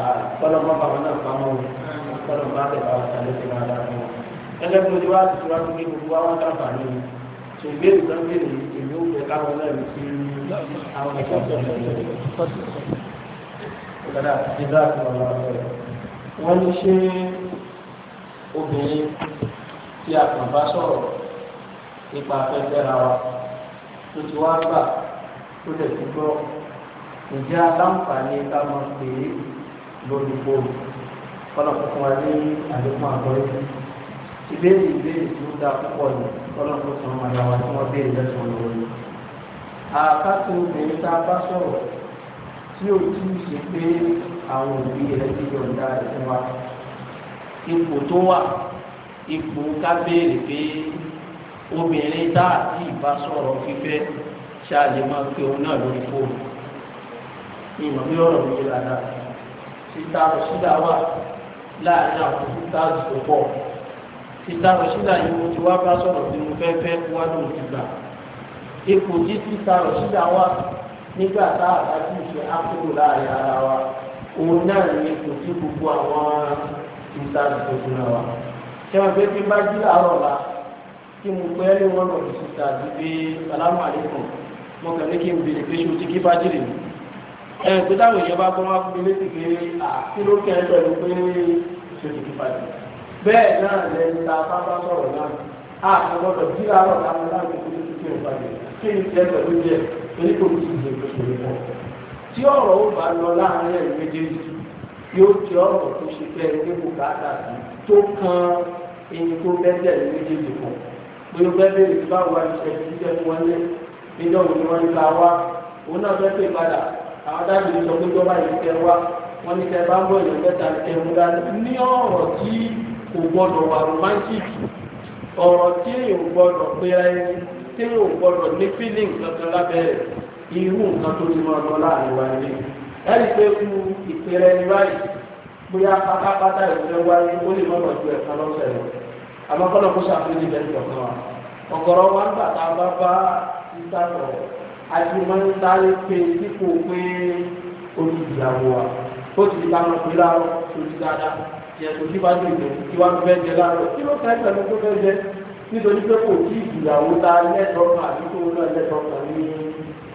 àlọ́ kọ́lọ̀ bá tẹ̀lé àwọn ìsàlẹ̀ ti máa dáa fún wọn. ẹgbẹ́ tí mo ti wá ti ti wá fún mi gbogbo àwọn àǹfààní mi tó ìbéèrè tó ń béèrè èmi ó fẹ́ káwọn náà lè fi àwọn ẹ̀kọ́ sọ̀rọ̀ wọ́n ní ṣé obìnrin tí a kàn bá sọ̀rọ̀ nípa afẹ́fẹ́ra wa tó ti wá gbà tó lè fi gbọ́ ǹjẹ́ aláǹfààní ká máa pè é lórí fóònù kọ́nà fún wa ní àlékún àgbọ̀yé ìbéèrè ìbéèrè tí ó dáa púpọ̀ ní kọ́nà fún tí wọ́n máa yà wá tí wọ́n béèrè lẹ́sùn lọ́wọ́ ni. àkàtì obìnrin tá a bá sọ̀rọ̀ tí ó tí ì ṣe pé àwọn òbí rẹ̀ ti yọ̀ǹda rẹ̀ fún wa ipò tó wà ipò ká béèrè pé obìnrin tá a ti bá sọ̀rọ̀ fífẹ́ ṣáà lè máa pe òun náà lórí fóònù ìmọ̀ bí ọ̀rọ̀ mi yé dáadáa síta síta wà láàrin àwọn títàzì tó pọ̀ títà rọ̀ṣídà yìí mo ti wá bá sọ̀rọ̀ bí mo fẹ́ fẹ́ wá ní òtùgbà ipò tí títà rọ̀ṣídà wà nígbà tá a bá ti ṣe ákúrò láàrin ara wa òun náà ní ipò tí gbogbo àwọn títàzì tó fúnra wa ṣẹ́wọ̀n pé bí bá jí àárọ̀ la tí mo pẹ́ lé wọn lọ sí títà àti pé sálámù àlékún mo kàn ní kí n bèrè pé ṣe o ti kí fájìrì mi ẹ̀ pé táwọn èèyàn bá gbọ́n fún mi létí pé kí ló kẹ́ pé ìṣòro ti bẹ́ẹ̀ náà lẹ́yìn tá a bá bá sọ̀rọ̀ náà a gbọ́dọ̀ bí àárọ̀ táwọn aláàbò tó ti fi hàn padà kí ni tiẹ̀ pẹ̀lú jẹ́ èyí kò ní ìṣòro ìṣòro mọ́ tí ọ̀rọ̀ ó bá lọ láàárín ẹ̀ méjèèjì yóò jẹ́ ọ̀rọ̀ tó ṣe fẹ́ ní bùkátà tó kan ẹni tó bẹ́ẹ̀ méjèèjì kan pé ó bẹ́ẹ̀ bẹ́ẹ̀ báwo wá ṣe ṣiṣẹ́ fún wọn ní níjọ́ òní wọn ń ta wá àwọn dábìlì sọ pé jọba yìí kẹ wá wọn ní kẹ bá ń bọ̀ yẹn mẹ́ta kẹ mú dání ní ọ̀rọ̀ tí kò gbọdọ̀ wà romantic ọ̀rọ̀ tí èèyàn gbọdọ̀ pé ẹni tí èèyàn gbọdọ̀ ní feeling kankan lábẹ́rẹ̀ irú nǹkan tó ti máa lọ láàrin wa ni ẹni pé fún ìpèrè ẹni báyìí bóyá pátápátá ìpínlẹ̀ wáyé ó lè mọ̀nà ju ẹ̀ka lọ́sẹ̀ lọ àmọ́ kọ́nà kó ṣàfihàn ìbẹ̀rẹ̀ kọ̀ọ̀kan wa ọ̀gọ̀rọ̀ wa ń gbà tá a bá bá ìtàkùn àti máa ń sáré pé dípò pé ó ti ìyàwó wa ó ti di báwọn pé láàárọ̀ tó ti dáadáa yẹn tó bá dùn ìjọ tí wàá fẹ́ jẹ láàárọ̀ kí ló fẹ́ pẹ̀lú tó fẹ́ jẹ nítorí pé kò tí ìyàwó ta lẹ́tọ̀ọ̀kan àti tó náà lẹ́tọ̀ọ̀kan ní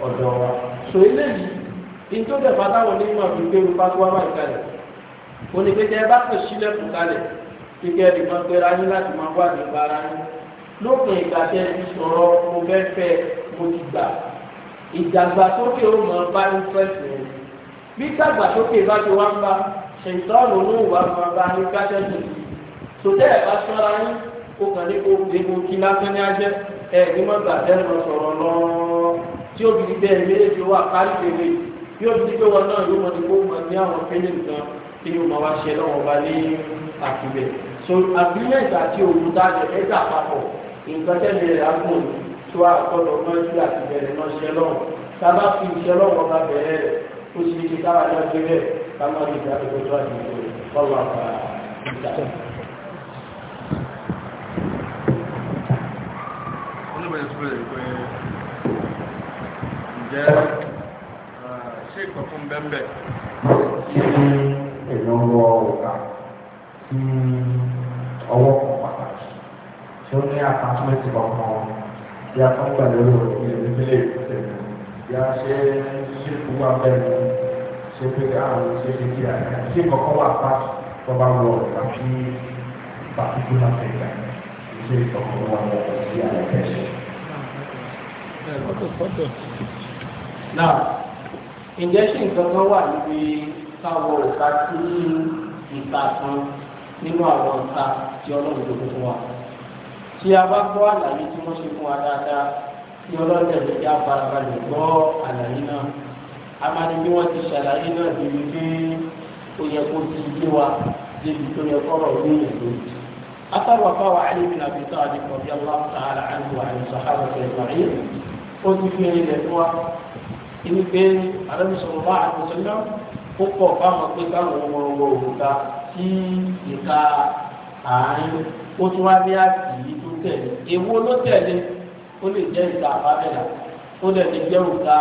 ọ̀dọ̀ wa. sọ eléyìí nítorí táwọn onímọ̀ wá máa kalẹ̀ ẹ bá ìdàgbàsókè ó mọ bá ń fẹsẹ̀ rẹ̀ bí ìdàgbàsókè bá ti wá ń bá ṣèǹtọ́ọ̀nù ló wà máa bá ní kájẹ́sì sòtẹ́ ẹ̀ bá sọ́ra yín ó kàn ní kó egbò kí lásán ní ajẹ́ ẹ̀ ní wọ́n gbà tẹ́ lọ sọ̀rọ̀ lọ tí òbí ti bẹ́ẹ̀ lé ètò wà kárí kéré bí òbí ti pé wọn náà yóò mọ ní kó mọ ní àwọn fẹ́lẹ̀ nǹkan tí yóò mọ wá ṣe lọ́wọ́ bá ní àkìbẹ̀ so àbílẹ̀ ìgbà tí òun dájọ́ ẹ̀dà papọ̀ nǹkan tẹ́lẹ̀ rẹ̀ á gbòòrò tí wàá gbọ́dọ̀ mọ́ sí àtìbẹ̀rẹ̀ náà ṣe lọ́wọ́ tá a bá fi ìṣẹ́ lọ́wọ́ bá bẹ̀rẹ̀ rẹ̀ ó sì ní kí káwá náà gbé bẹ́ẹ̀ ká má lè dá gbogbo tó àdìgbò bọ́wọ́ àgbà ìjà. oníbẹ̀rẹ̀ tó bẹ̀rẹ̀ pé ǹjẹ́ ah, ṣé ìkọ̀kún bẹ́ẹ̀ bẹ́ẹ̀ ọwọ́ kan pàtàkì tí ó ní àkáńtúmẹ̀tì kọ̀ọ̀kan ya kọ́kọ́ lérò ìlú ilé ìpínlẹ̀ ya ṣe ṣíkú wà bẹ́ẹ̀ ni ṣe pé káàrùn ṣe ṣe kí àyà ṣe kọ́kọ́ wà pa tọ́ba wọ àti pàtíkù náà fẹ́ gbà ṣe kọ́kọ́ wà lọ sí àyà bẹ́ẹ̀. Náà ǹjẹ́ ṣì wà níbi káwọ òkà sí ìta kan nínú àwọn ọ̀ta tí ọlọ́run tó tó wà? tí a bá gbọ́ àlàyé tí wọ́n ṣe fún wa dáadáa tí ọlọ́dẹ̀ lè já farabalẹ̀ gbọ́ àlàyé náà a máa ní bí wọ́n ti ṣàlàyé náà débi pé ó yẹ kó ti gbé wa débi tó yẹ kọ́rọ̀ ní ìlú. afárò afárò Ali bin Abi Talib radiyallahu ta'ala anhu wa àyùsọ̀ àwọn ẹ̀rọ ó ti fi ẹni lẹ̀ fún wa inú pé àrẹ́bùsọ̀rọ̀ bá àtúnṣe ó pọ̀ tẹ̀lé èwo ló tẹ̀lé ó lè jẹ́ ìta àbábẹ́là ó dẹ̀ lè jẹ́ òta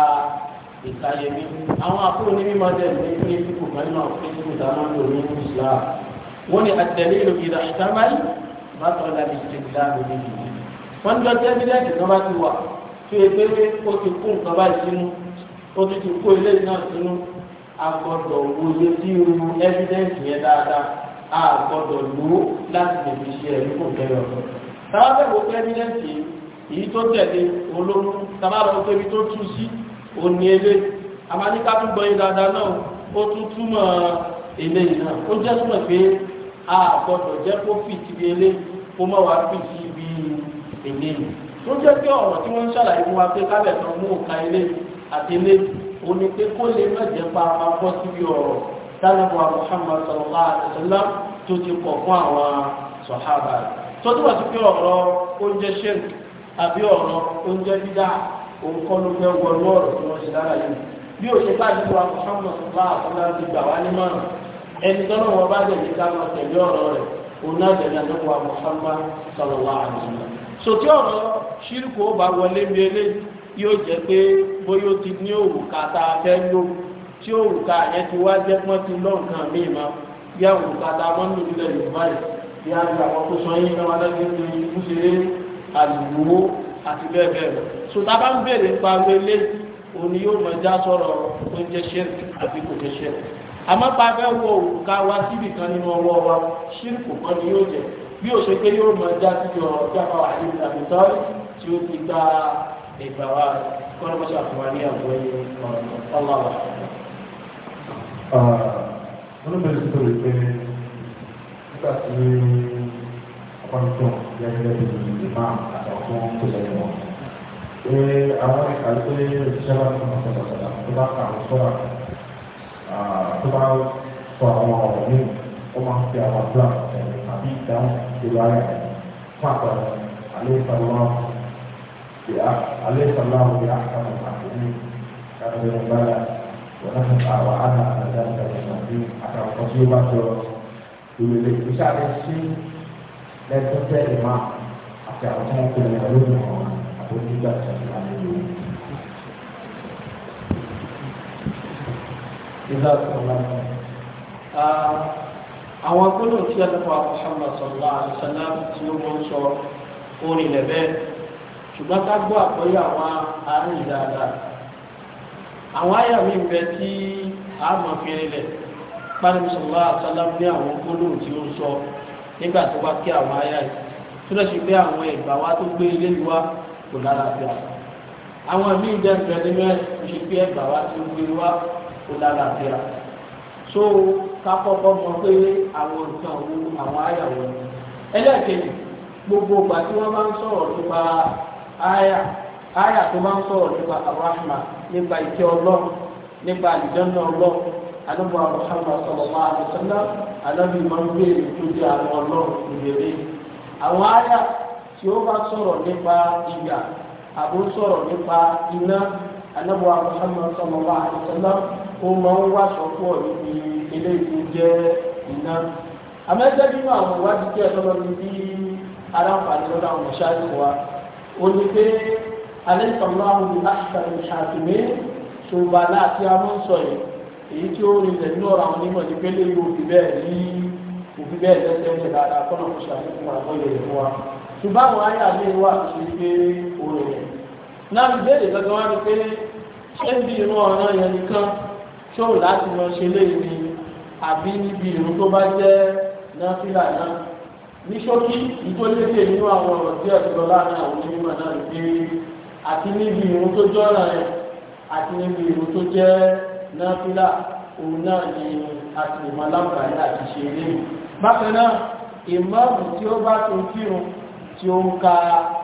ìtayẹmí àwọn àpò onímọ̀ dẹ̀ ní píríncípù kan náà píríncípù dáná ló ní Islam wọ́n ní àtẹ̀lé ìlú ìdá ìtàmáyì má tọ́lá ní ìṣèlú wọ́n jọ jẹ́ bílẹ̀dì kan bá ti wà tó yẹ pé ó ti kó nǹkan báyìí sínú ó ti ti kó ilé náà sínú agbọ́dọ̀ wòye sí irú ẹ́fídẹ́ǹsì yẹn dáadáa a gbọ́dọ̀ lò ó láti lè fi ṣe ẹ̀rí kò kẹ́rẹ́ ọ̀tọ̀ sábàbẹ̀ wo pé evidence yìí tó tẹ̀lé olóhùn sábàbẹ̀ wo pé ibi tó tú sí òní ilé amáníká tún gbọ́yìn dáadáa náà ó tún túmọ̀ ilé yìí ó jẹ́ túmọ̀ pé a gbọ́dọ̀ jẹ́ kó fi ti bí ilé kó mọ̀ wá fi ti bí ilé yìí tó jẹ́ pé ọ̀rọ̀ tí wọ́n ń ṣàlàyé fún wa pé kábẹ̀ tán mú òka ilé àti ilé òní pé kó lè má jẹ́ pa máa bọ́ síbi ọ̀rọ̀ tálẹ́bù Muhammad sallallahu alaihi wasallam tó ti kọ̀ fún àwọn sọ̀hábà tọ́jú wà sí pé ọ̀rọ̀ oúnjẹ ṣẹ́ẹ̀kì àbí ọ̀rọ̀ oúnjẹ dídá òun kọ́ ló fẹ́ wọlú ọ̀rọ̀ tí wọ́n ṣe lára yìí bí o ṣe bá dúró akọ̀sánmọ̀ bá àkọ́lá ti gbà wá ní márùn ẹni tọ́lọ́ wọn bá dẹ̀ níta lọ tẹ̀lé ọ̀rọ̀ rẹ̀ òun náà tẹ̀lé àdókòwà mọ̀sánmá sọ̀rọ̀wá àdùnnà. sòtí ọ̀rọ̀ ṣírìkù ó bá wọlé bí elé yóò jẹ́ pé bóyá ti ní òrùka tá a fẹ́ lò tí òrùka yẹn ti wá jẹ́ pọ́n ti lọ́ nǹkan míì bí a gbà wọ́n tó sọ yín náà lẹ́gbẹ̀ẹ́ tó yín ṣe àlùwò àti bẹ́ẹ̀ bẹ́ẹ̀ lọ. so tá a bá ń bèèrè nípa wẹ́lẹ́ òní yóò mọ̀ já sọ̀rọ̀ oúnjẹ ṣẹ́ẹ̀kì àti kò jẹ́ ṣẹ́ẹ̀kì. àmọ́ pa fẹ́ wọ òrùka wa síbì kan nínú ọwọ́ wa ṣírìkù kan ni yóò jẹ bí ó ṣe pé yóò mọ̀ já síbi ọ̀rọ̀ tí a bá wà ní ìlànà tí ó ti gba ìgbà wa kọ́ni mo ṣe àfihàn ní àgbọ̀ yìí ọ̀rọ̀ ọlọ́wà. ọlọ́mọdé tó lè pẹ́ nígbà tí ọkọ̀nìtàn gẹ́gẹ́ bí imam àtàwọn tó lẹ́yìn wọn pé àwọn ìkàlùkù ìṣẹ́ bá tún ọ̀sẹ̀ ọ̀sẹ̀ tó bá kà ń sọ́ra tó bá sọ àwọn ọ̀rọ̀ ní ó máa ń fi àwọn àdúrà àbí ìdáhùn ìlú ayé fún àpẹẹrẹ alẹ́ ìsàlọ́wọ́ ini karena bí a kà mọ̀ àkùnrin káàkiri ọ̀gbára wọn ìrèlè ìṣe àdéṣí lẹ́tọ́ tẹ́ ìmá àti àwọn tó ń pè ní ọlọ́run ọ̀hún àbójúgbà tẹ̀lé àlejò. àwọn gbọ́dọ̀ tí a lọ́pọ̀ àkọ́sọ́mọ̀ sọ̀rọ̀ àṣàlá tí ó wọ́n sọ orin lẹ́bẹ̀ ṣùgbọ́n ká gbọ́ àkọ́yé àwọn àárín dáadáa àwọn àyà mi tí a mọ̀ fi rinlẹ̀ pálọ́mù sọ̀rọ̀ àtàlámù ní àwọn gbólóhùn tí ó sọ nígbà tó bá kí àwọn ayá yìí tó lọ́ọ́ ṣe pé àwọn ìgbà wa tó gbé ilé wa kò lára bí a àwọn míì jẹ́ ìgbẹ́ni mẹ́rin pé ẹgbà wa tó gbé wa kò lára bí a so ká kọ́kọ́ mọ pé àwọn nǹkan wo àwọn ayà wọn ẹlẹ́ẹ̀kejì gbogbo ìgbà tí wọ́n bá ń sọ̀rọ̀ nípa ayà ayà tó bá ń sọ̀rọ̀ nípa anábọ̀ Muhammad sallallahu alaihi wasallam anábì máa ń béèrè tó jẹ́ àwọn ọlọ́run ìbèrè àwọn àyà tí ó bá sọ̀rọ̀ nípa ìgbà àbó sọ̀rọ̀ nípa iná anábọ̀ Muhammad sallallahu alaihi wasallam ó máa ń wá sọ́kọ̀ níbi eléyìí jẹ́ iná amẹ́jẹ́ nínú àwọn ìwádìí tí ẹ̀tọ́ lọ ní bí aláǹfààní lọ́dọ̀ àwọn ìṣáájú wa ó ní pé alẹ́ sọ̀rọ̀ àwọn ìlú àṣìṣàlẹ̀ èyí tí ó rinlẹ̀ nínú ọ̀rọ̀ àwọn onímọ̀ ní pélé yóò fi bẹ́ẹ̀ ní òfin bẹ́ẹ̀ lẹ́sẹ̀ ní dáadáa kọ́nà kó ṣàfihàn àwọn ilẹ̀ fún wa ṣùgbọ́n àwọn ayé àbí wa ti ṣe pé ó rẹ̀ náà ìbéèrè gangan wá ní pé ṣé bí irun ọ̀ràn yẹn nìkan ṣó láti lọ ṣe léèmí àbí níbi irun tó bá jẹ́ náfìlà náà ní ṣókí ìtòlédè nínú àwọn ọ̀rọ̀ díẹ̀ tó lọ láàrin àwọn onímọ̀ náà ní pé àti níbi irun tó jọ́ràn yẹn àti níbi irun tó jẹ́ náfílà òun náà ni àti ìmọ̀ láǹfààní àti ṣe ilé bákan náà ìmọ̀ọ̀mù tí ó bá tó kírun tí ó ń ka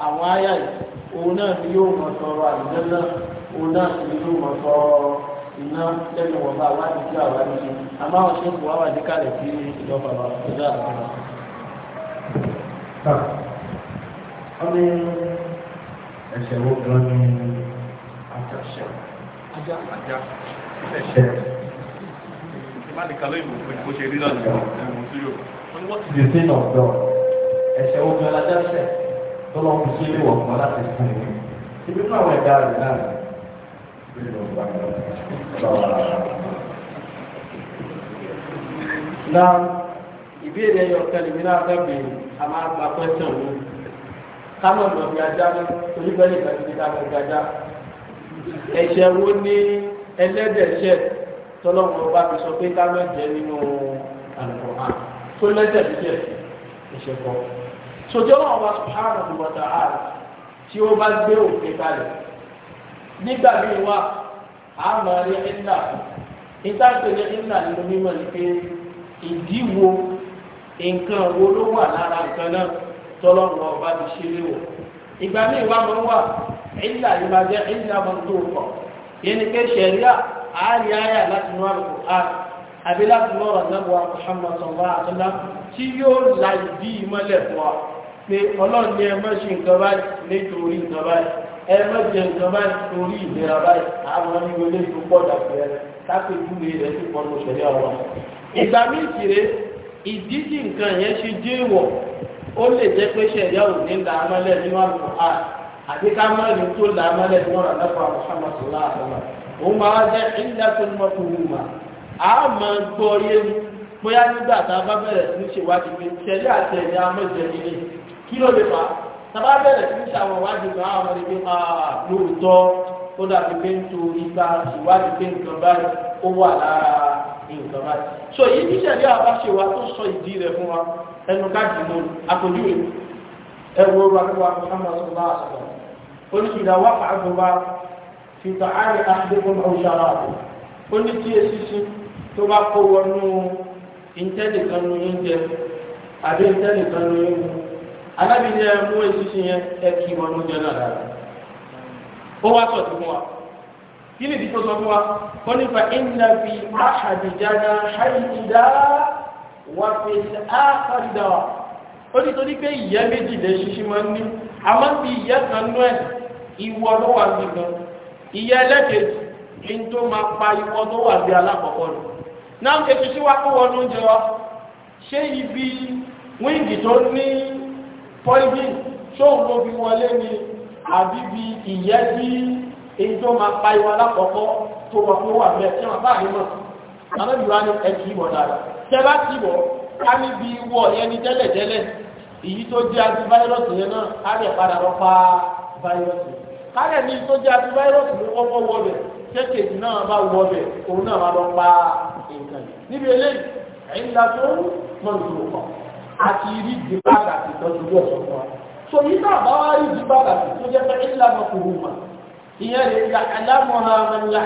àwọn àyà yìí òun náà ni yóò mọ̀ sọ̀rọ̀ àdìjẹ́ náà òun náà sì ni yóò mọ̀ sọ̀rọ̀ iná lẹ́nu wọ̀nba àwádìí tí àwádìí ṣe ọmọ ah. ẹsẹ̀ gan ni àjàṣe àjà àjà ẹ̀ṣẹ̀ ìdíjẹ́ ọ̀dọ́ ẹ̀ṣẹ̀ ogun alájáṣẹ̀ tó lọ́wọ́ fi ṣe é wọ̀ fún aláṣẹ fún mi ibi fún àwọn ẹ̀dá rẹ̀ náà na ìbéèrè ẹyọ kẹlẹmí náà fẹmi a máa gba pẹsàn mi kámọ lọ bí ajá mi onígbẹlẹ ìgbàlódé ká lọ bí ajá ẹ̀ṣẹ̀ wo ni ẹlẹ́dẹ̀ẹ́sẹ̀ tọ́lọ́wọ́ bá fi sọ pé káwé jẹ́ nínú àlùkò hàn tó lẹ́sẹ̀ lẹ́sẹ̀ ìṣẹ̀kọ́. sọjọ́ náà wá subhanahu wa ta'ala tí ó bá gbé òfin kalẹ̀ nígbà míì wá a máa rí ẹ̀ńdà ìtàgbé ní ẹ̀ńdà nínú mímọ̀ ni pé ìdí wo nǹkan wo ló wà lára nǹkan náà tọ́lọ́wọ́ bá fi ṣe léwọ̀. ìgbà míì wá máa wà ẹ̀ńdà ìbàjẹ́ ẹ̀ńdà máa tó pọ̀ yẹn ni pé ṣẹ̀ríà àárí ayà láti inú àrùkù àrù àbí láti lọ́rọ̀ lẹ́wọ̀ Muhammad sallallahu alaihi wasallam tí yóò láì bí ìmọ́lẹ̀ fún wa pé ọlọ́run ni ẹ má ṣe nǹkan báyìí nítorí nǹkan báyìí ẹ má jẹ nǹkan báyìí torí ìlera báyìí àwọn oníwèé lè tó pọ̀ dàpẹ́ kápẹ́júwe rẹ̀ sì pọ̀ ní ṣẹ̀ríà àti ká má ní tó là mọ́lẹ̀ tí wọ́n rà lẹ́kọ̀ọ́ Muhammad sọlá àtọ́lá òun máa jẹ́ ìlẹ́kùn mọ́kùnrin mà á máa gbọ́ yé mi bóyá nígbà tá a bá bẹ̀rẹ̀ sí ṣèwádìí pé tẹ̀lé àti ẹ̀yà mẹ́jẹ ilé kí ló lè fà á tàbá bẹ̀rẹ̀ sí ṣàwọn ìwádìí kan àwọn ọmọdé pé máa lóòótọ́ ó dàbí pé ń to ìgbà ìwádìí pé nǹkan báyìí ó wà lára nǹkan báyìí. sọ èyí tí ìṣẹ̀lẹ̀ àbáṣe wa tó sọ ìdí rẹ̀ fún wa ẹnu káàdì mọ́ àpòjúwe ẹ̀wọ̀ olùwàlúwà muhammadu sallallahu alaihi wa sallam ó ní ìdá wá pàápàá bá fi tààrí àdékùn ọ̀ṣàrà ó ní tí èsìsì tó bá kó wọnú ìtẹ́lẹ̀ kan ní oúnjẹ àbí ìtẹ́lẹ̀ kan ní oúnjẹ alábìlẹ̀ mú èsìsì yẹn ẹ kí wọnú oúnjẹ náà dára ó wá sọ̀tún fún wa kí ni ìdí tó sọ fún wa ó ní fa ìnà fi àhàdìjáná ṣáìdá wà fi àkàdà ó ní torí pé ìyẹ́ méjì lè ṣiṣi máa ń ní àmọ́ bí ìyẹ́ kan nú ẹ̀ ìwọ ló wà ní gan ìyá ẹlẹ́kẹ̀ẹ́jì ní tó máa pa ìwọ tó wà ní alákọ̀ọ́kọ́ rẹ̀ náà ètò sí wa kó wọnú jẹ ọ ṣé ibi wíńgì tó ní poison ṣóun ló fi wọlé ni àbí bi ìyẹ́ bí èyí tó máa pa ìwọ alákọ̀ọ́kọ́ tó wọ pé wà bẹ́ẹ̀ tí wọ́n bá rí mọ̀ àwọn ìlú wa ní ẹ̀kí ìwọ̀ dára tẹ́ bá ti wọ̀ ká níbi ìwọ̀ yẹn ní tẹ́lẹ̀tẹ́lẹ̀ èyí tó jẹ́ antivirus yẹn náà á lè padà lọ pa virus yẹn kálẹ̀ ní tó jẹ́ àti fáírọ́ọ̀sì ló kọ́kọ́ wọbẹ̀ kéèkéèjì náà bá wọbẹ̀ òun náà máa lọ pa nǹkan níbi eléyìí ẹ̀yìn la tó mọ̀lùmọ̀ kan àti rí di pàtàkì tọ́jú bí ọ̀sán fún wa so yìí náà bá wá rí di pàtàkì tó jẹ́ pé ẹ̀yìn la mọ̀ kúrú mà ìyẹn lè yà àlámọ̀ha yà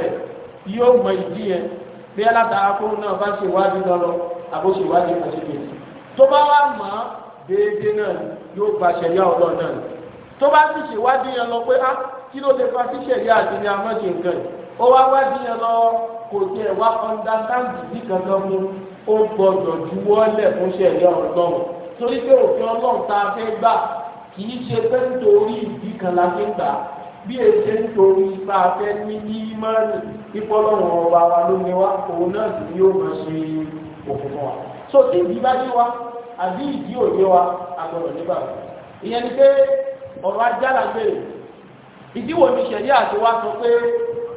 rẹ̀ yóò mọ ìdí yẹn tó bá wà mọ́ déédéé náà yóò gba ṣẹ̀yà ọlọ́run náà tó bá sì ṣèwádìí yẹn lọ pé á ah, kí ló lè fa ṣíṣẹ̀yà àti ní amọ́ṣe nǹkan yìí ó wá wádìí yẹn lọ kò tiẹ̀ wá ọ̀ndàtàǹdì nìkan lọ mú ó gbọdọ̀ juwọ́lẹ̀ fún ṣẹ̀yà ọlọ́run torí pé òfin ọlọ́run tá a fẹ́ gbà kì í ṣe pé nítorí ìdí kan la fi ń gbà bí èsè e nítorí ipa afẹ́ ní ímánì ìpọ́lọ́run ọba wa ló ní wá òun náà sì ni yóò máa ṣe òfin fún wa so tí ìdí bá yé wa àbí ìdí ò yé wa agbọ̀dọ̀ nígbà wọn ìyẹn ni pé ọ̀rọ̀ ajá là ń bèrè ìdí ni ṣẹ̀lí àti wá sọ pé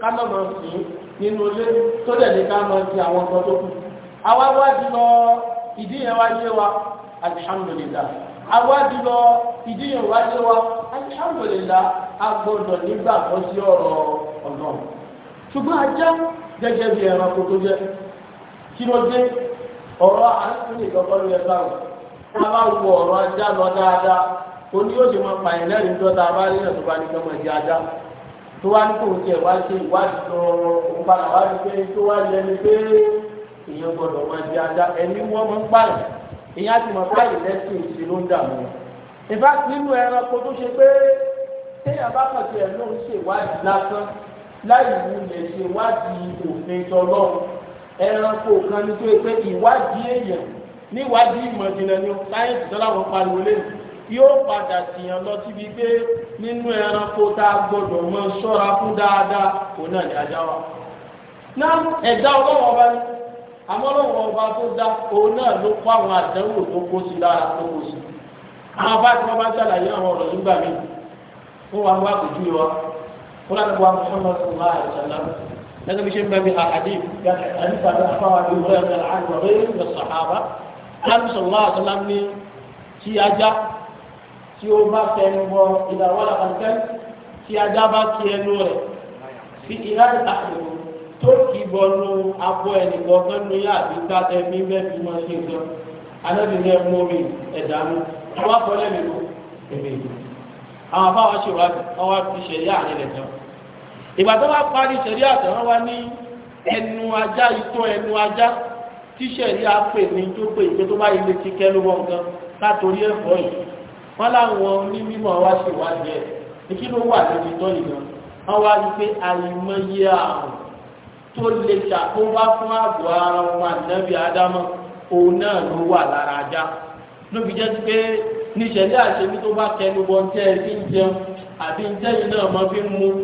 ká má máa sìn nínú ilé tó dẹ̀ ní ká máa di àwọn ọmọ tó kù àwa ìdí yẹn wá yé wa alihamudulila àwa ìdí yẹn wá yé wa alihamudulila agbọ̀dọ̀ nígbà kan sí ọ̀rọ̀ ọ̀nà ṣùgbọ́n ajá gẹ́gẹ́ bí ẹranko tó jẹ́ kí ló dé ọ̀rọ̀ àtúnyè ìjọba ló yẹ sáwọn ká bá wo ọ̀rọ̀ ajá lọ dáadáa ó ní yóò ṣe máa pa ẹ̀ lẹ́rìí tó ta bá lẹ́yìn tó bá ní kọ́mọ̀ ẹ̀jẹ̀ ajá tó wá ní kòun tiẹ̀ wá ṣe ìwádìí tó ń padà wá ní pé tó wá yẹ ni pé èèyàn gbọ́dọ̀ máa di ajá ẹni wọ́n máa ń pààyàn èèyàn ti máa pààyàn lẹ́sìn ìṣe ló ń dààmú ìfá nínú ẹranko tó ṣe pé téèyàn bá kàn ẹranko kan ní tó pé ìwádìí èèyàn níwádìí ìmọ̀ ìjìnlẹ̀ ní sáyẹ́ǹsì tó láwọn pariwo lẹ́nu yóò padà tìyàn lọ síbi pé nínú ẹranko tá a gbọdọ̀ mọ ṣọ́ra fún dáadáa kò náà ní ajá wa. náà ẹ̀dá ọlọ́wọ́ ọba ni àmọ́ ọlọ́wọ́ ọba tó dá òun náà ló kó àwọn àdánwò tó kó sí lára tó kó sí. àwọn bá tí wọ́n bá ṣàlàyé àwọn ọ̀rọ̀ nígbà míì fún wa wá kò ju لكن مش ما بها حديث قال حديث عن أخبار أبي هريرة العالم وغيره من الصحابة قال صلى الله عليه وسلم لي tí ajá tí ó bá fẹnu bọ ìdáwọ́lá kankan tí ajá bá ti ẹnu rẹ̀ fi ìlà ìtàkùn tó kì í bọnu abọ́ ẹnìkan fẹ́nu yá àbí ká ẹbí mẹ́bí máa ṣe nǹkan anábìrin ẹ̀mú mi ẹ̀dá mi wọ́n á kọ́ lẹ́mìí lọ èmi àwọn afáwọn ṣèwádìí wọ́n wá fi ṣẹ̀yà àrẹ lẹ̀ tán ìgbà tó bá parí ìṣẹ̀rí àtẹ̀wọ́n wá ní ẹnu ajá itọ́ ẹnu ajá tíṣẹ̀rí apè ní tó pè ìgbé tó bá ilé ti kẹ́ ló wọ́n gan látòrí ẹ̀fọ́ yìí wọ́n láwọn onímọ̀ wá sí ìwádìí ẹ̀ ní kí ló wà lórí itọ́ ìgbà wọ́n wá rí pé àìmọye àrùn tó lè ṣàkóbá fún ààbò ara ọmọ ànábì ádámọ́ òun náà ló wà lára ajá lóbi jẹ́ pé níṣẹ̀lẹ̀ àṣẹbí tó bá kẹnu bọ́ ń tẹ́ ẹ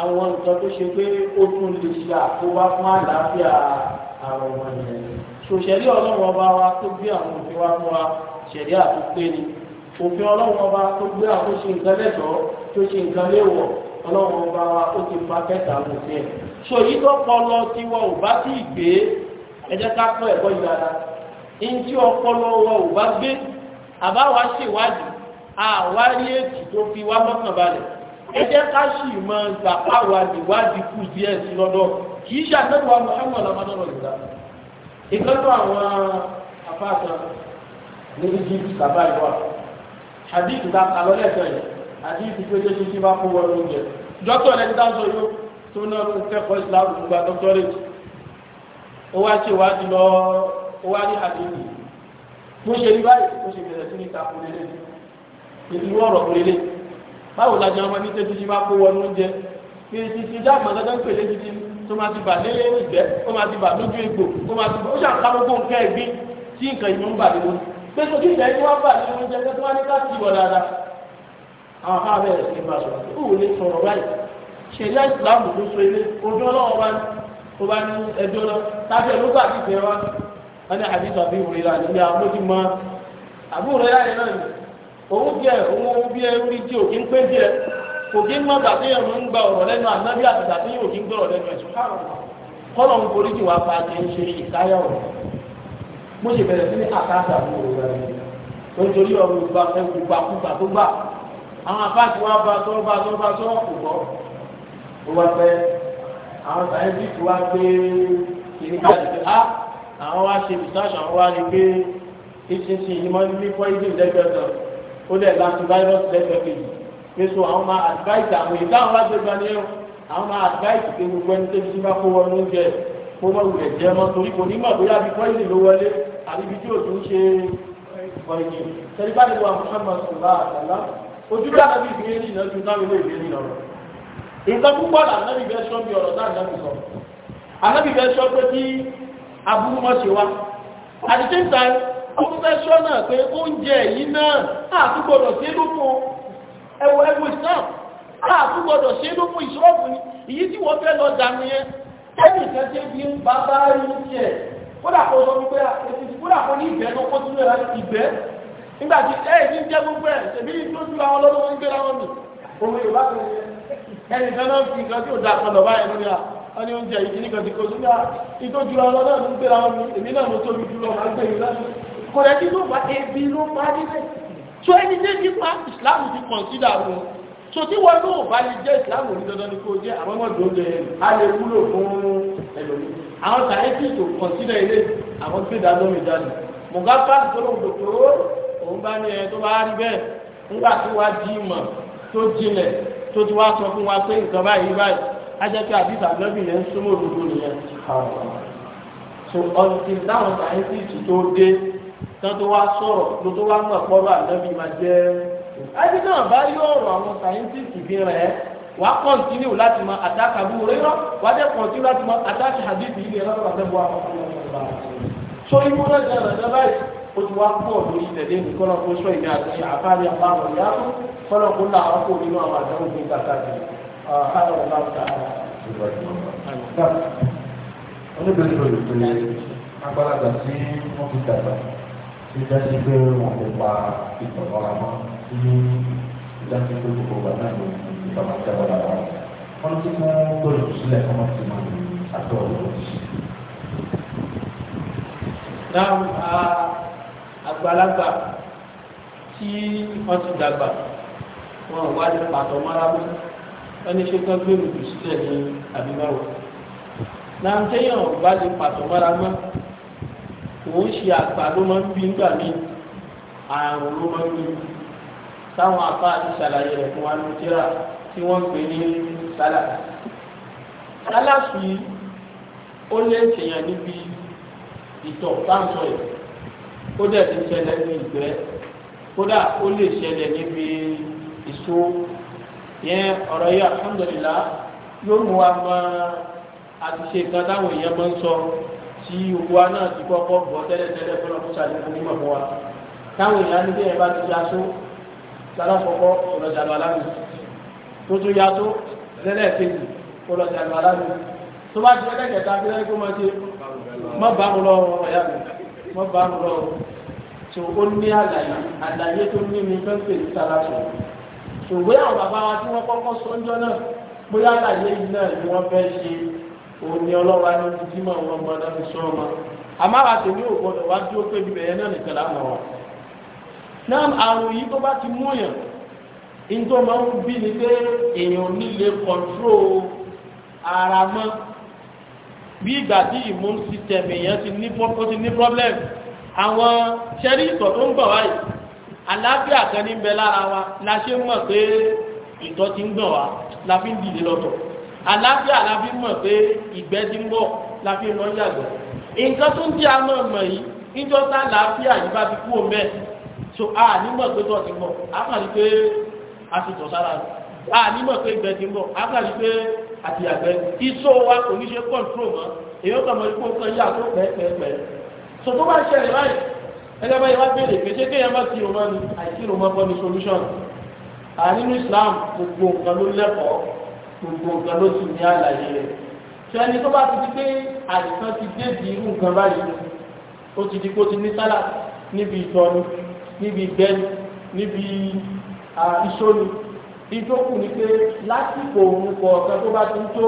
àwọn nǹkan tó ṣe pé ó tún lè ṣe àkóbá fún àlàáfíà àwọn ọmọ yẹn ṣòṣèlú ọlọ́run ọba wa tó gbé àwọn òfin wa fún wa ṣẹ̀rí àtúnpé ni òfin ọlọ́run ọba tó gbé àwọn ṣe nǹkan lẹ́tọ̀ọ́ tó ṣe nǹkan léèwọ̀ ọlọ́run ọba wa ó ti fa kẹta àwọn òfin ẹ̀ ṣòyí tó pọlọ tiwọ ò bá tí ì gbé ká kọ́ ẹ̀kọ́ ìdára ntí ọpọlọ wa ò bá gbé àbáwá ṣèwádìí àwárí èkì tó fi wá mọ́kànbalẹ̀ ẹ jẹ́ ká sì mọ gbàpáwa níwádìí kù díẹ̀ sí lọ́dọ̀ kì í ṣàtẹ́wà Muhammad amadu ọ̀gá ìtọ́jú àwọn afáàtàn ní Egypt bàbá ìwà hadith ta kalọ́lẹ̀ sọ yìí hadith tó jẹ́ títí bá kó wọlé oúnjẹ dókítà rẹ̀ dá sọ yóò tó náà ń kẹ́kọ̀ọ́ Islam gba dọ́kítọ́rẹ̀tì ó wá ṣe ìwádìí lọ ó wá ní hadith bó ṣe rí báyìí ó ṣe bẹ̀rẹ̀ sí ní ìtakùn lélẹ̀ ìdíwọ́ ọ̀rọ̀ lélẹ̀ báwo la jẹun ọmọ ní tẹ́tí tí bá kó wọnú oúnjẹ kí títí dáàmú ọ̀dọ́dọ́ ń pèlè títí tó máa ti bà nílé ìgbẹ́ ó máa ti bà lójú egbò ó máa ti bà ó ṣàǹkà gbogbo nǹkan ẹ̀gbin tí nǹkan ìmú ń bà nínú pé tó kíkẹ́ ẹni wọ́n bà nínú oúnjẹ tó wá ní ká ti wọ̀ dáadáa àwọn afá bẹ̀rẹ̀ sí ma sọ̀rọ̀ ó wò lè sọ̀rọ̀ báyìí ṣẹlẹ̀ ìsìlámù ló so ilé ojú ọlọ́wọ́ bá tó bá ní ẹjọ́ lọ tàbí ló gbà sí ìfẹ́ wa wọn ní àdìsọ̀ bí ní òun díẹ̀ òun bí ẹrú rí tí òkè ń pé díẹ̀ kò kí ń mọ̀gbà tí yẹn ń gba ọ̀rọ̀ lẹ́nu ànábì àtìgbà tí yóò ń gbọ́rọ̀ lẹ́nu ẹ̀sùn kọ́nà ń borí jù wá pa kí ń ṣe ìkáyà ọ̀rọ̀ mo sì bẹ̀rẹ̀ sí ní àkáàtà fún òwúrọ̀ rẹ̀ nítorí ọ̀rọ̀ ìgbà fẹ́ gbogbo àkúgbà tó gbà àwọn afáàtì wa bá tọ́ bá tọ́ bá tọ́ kò bọ́ ó wá pẹ́ àwọn sáyẹ́ntìfì wa gbé kiri jáde fọ́ ìdí ìdẹ́gbẹ̀ẹ́ ó dẹ̀ virus. lẹ́sẹ̀ kejì pé so àwọn máa advice àwọn èyí táwọn wájú ẹgbẹ́ ni ẹ̀rọ àwọn máa advice pé gbogbo ẹni tẹ́bi tí bá kó wọnú oúnjẹ kó wọ́n wulẹ̀ jẹ́ mọ́ torí kò ní mọ̀ bóyá bí pọ́ìlì ló wọlé àbí ibi tí ò tún ṣe ọ̀yìn sẹ́ni bá nílò Muhammad sọ̀rọ̀ àtàlá ojú bí àtàbí ìgbéyé ní ìnájú táwọn ilé ìgbéyé nínú ọ̀rọ̀ nǹkan púpọ̀ là ànábì bẹ́ẹ̀ sọ́ bí ọ̀rọ̀ náà ànábì sọ ànábì bẹ́ẹ̀ sọ pé kí aburú mọ̀ ṣe wa at the same time ó fẹ́ sọ́nà pé oúnjẹ yìí náà àtúgbọ̀dọ̀ sí lókun ẹwọ ẹwọ islam àtúgbọ̀dọ̀ sí lókun ìṣọ́ọ̀bù ni èyí tí wọ́n fẹ́ lọ dànù yẹn ẹnì kan tí bí ń bá bá rí tiẹ̀ kódà kó sọ wípé kódà kó ní ìbẹ́ tó kó sínú ẹ̀rọ ìbẹ́ nígbà tí ẹ̀ ní jẹ́ gbogbo ẹ̀ tèmi ní tójú àwọn ọlọ́dún ń gbéra wọn nì òun yorùbá kan ẹnì kan náà fi nǹkan tí ò dáa kan lọ báyìí lórí à wọ́n ní oúnjẹ ìdí nìkan ti kó sínú ìtójú àwọn tóbi jùlọ máa ń gbé kọ̀dẹ̀tí ló bá ebi ló bá nílẹ̀ tó ẹni jẹ́ nípa islam ti kọ̀nsídà wọn tó tí wọ́n lóò bá lè jẹ́ islam òní dandan ní kó jẹ́ àwọn ọmọdé oúnjẹ a lè wúlò fún ẹlòmí àwọn sàyẹ́tì tó kọ̀nsídà ilé àwọn gbé dáadọ́ mi jáde mọ̀gáfà tó lóun dòkòrò òun bá ní ẹ tó bá rí bẹ́ẹ̀ ńgbà tí wàá di ìmọ̀ tó jinlẹ̀ tó ti wá sọ fún wa pé nǹkan báyìí báyìí á jẹ́ pé àbí ìtàgẹ́bì yẹn súnmọ́ òdodo nìyẹn. so ọ̀sìn táwọn sàyẹ́tì tó dé tán tó wá sọ̀rọ̀ ló tó wá mọ̀ pọ́rọ̀ ànábì máa jẹ́ ẹni náà bá yọ ọ̀rọ̀ àwọn sáyẹ́ntìsì fi rẹ̀ wà á kọ́ntínú láti mọ àtàkà búburú rẹ̀ wà á dẹ́ kọ́ntínú láti mọ àtàkà hadith yìí rẹ̀ lọ́dọ̀ àtẹ́bọ̀ àwọn ọmọ ọmọ so imú náà jẹ́ ọ̀rọ̀ báyìí ó ti wá pọ̀ lórí tẹ̀lé mi kọ́lọ́ kó sọ ìgbà àti àfáàrí àbáwọ̀ ìyá kọ́lọ́ kó làwọn kò nínú àwọn àdáwọ̀ gbé kàkàkì ah, ọ̀hánà ọ̀gá ọ̀gá ọ̀gá. oníbẹ̀rẹ̀ ló lè pe àgbàlagbà tí wọ́n fi dàgbà nígbà tí pé wọn kò pa ìtọ̀nà ara mọ́ ní nígbà tí pé gbogbo ọgbà náà ló ń bá máa jábọ̀ lára wọn. wọ́n ti mú gbọ́dọ̀ sílẹ̀ kọ́ máa ti máa ní àtọ̀ ọ̀rọ̀ sí. dáhùn àgbàlagbà tí wọ́n ti dàgbà wọn ò wá ní pàtó kò ń ṣe àgbà ló máa ń bí nígbà mí àrùn ló máa ń bí táwọn afá àti ṣàlàyé rẹ̀ fún wa ní tíra tí wọ́n ń pè ní sálàfù sálàfù yìí ó lé ṣèyàn níbi ìtọ̀ táǹtọ̀ yìí ó dẹ̀ ti ṣẹlẹ̀ ní ìgbẹ́ kódà ó lè ṣẹlẹ̀ níbi ìṣó yẹn ọ̀rọ̀ yìí alhamdulillah yóò mú wa mọ àti ṣe nǹkan táwọn èèyàn máa ń sọ tí wa náà ti kọ́kọ́ bọ̀ tẹ́lẹ̀tẹ́lẹ̀ fún ọkùnrin ṣàlẹ̀ onímọ̀ fún wa táwọn èèyàn ní bí ẹ bá ti yasó lálàkọ́kọ́ ọlọ́jàlọ́ alámi tó tún yasó lẹ́lẹ́kejì ọlọ́jàlọ́ alámi tó bá ti ẹlẹ́kẹta bí wọ́n kó máa ṣe má bá mu lọ́wọ́ ọ̀yá mi má bá mu lọ́wọ́ tó ó ní àlàyé àlàyé tó ní mi fẹ́ pè ní sálàsọ̀ ṣùgbọ́n àwọn bàbá wa tí òun ni ọlọ́wà ní ti tí mọ̀ wọn mọ̀ náà fi sọ ọmọ àmọ́ àwọn àtẹ̀mí ò gbọdọ̀ wá dúró pé bíbẹ̀ yẹn náà nìkan láàmú wa. náà àrùn yìí tó bá ti mú yàn nítorí wọn máa ń bí ni pé èèyàn nílé kọ̀ntró ara mọ́ bí ìgbà tí immune system èèyàn ti ní ó ti ní problem àwọn ṣẹ́rí ìtọ̀ tó ń gbọ̀ wáyé àlàáfíà kan ní bẹ lára wa la ṣe mọ̀ pé ìtọ̀ ti ń gbọ̀ wá la fi ń dìde lọ́tọ̀ àlàáfíà la fi mọ̀ pé ìgbẹ́ ti ń bọ̀ la fi mọ̀ yàgbọ́ nǹkan tó ń di àmọ́ mọ̀ yìí níjọ́ tá àlàáfíà yìí bá ti kú omi ẹ̀ so a nímọ̀ pé tó ti bọ̀ a kàn rí pé a ti tọ̀ sára rẹ̀ a nímọ̀ pé ìgbẹ́ ti ń bọ̀ a kàn rí pé a ti yàgbẹ́ iṣó wa kò ní ṣe kọ́ńtró mọ́ èyí ó kàn mọ́ ikú kan yà tó pẹ́ẹ́pẹ́ẹ́pẹ́ so tó bá ṣẹlẹ̀ báyìí ẹgbẹ́ báyìí wá béèrè pé ṣé kéèyàn má ti rò mọ́ ni àìsí rò mọ́ bọ́ ni solution à nínú Islam gbogbo nǹkan ló lẹ́kọ̀ọ́ gbogbo nǹkan ló sì ní àlàyé rẹ̀ tí ẹni tó bá ti di pé àìsàn ti débi irú nǹkan báyìí ó ti di kó ti ní sálà níbi ìtọ́ni níbi ìgbẹ́ni níbi ìṣóni ìjókòó ni pé lásìkò òun kọ ọ̀kan tó bá ti ń tó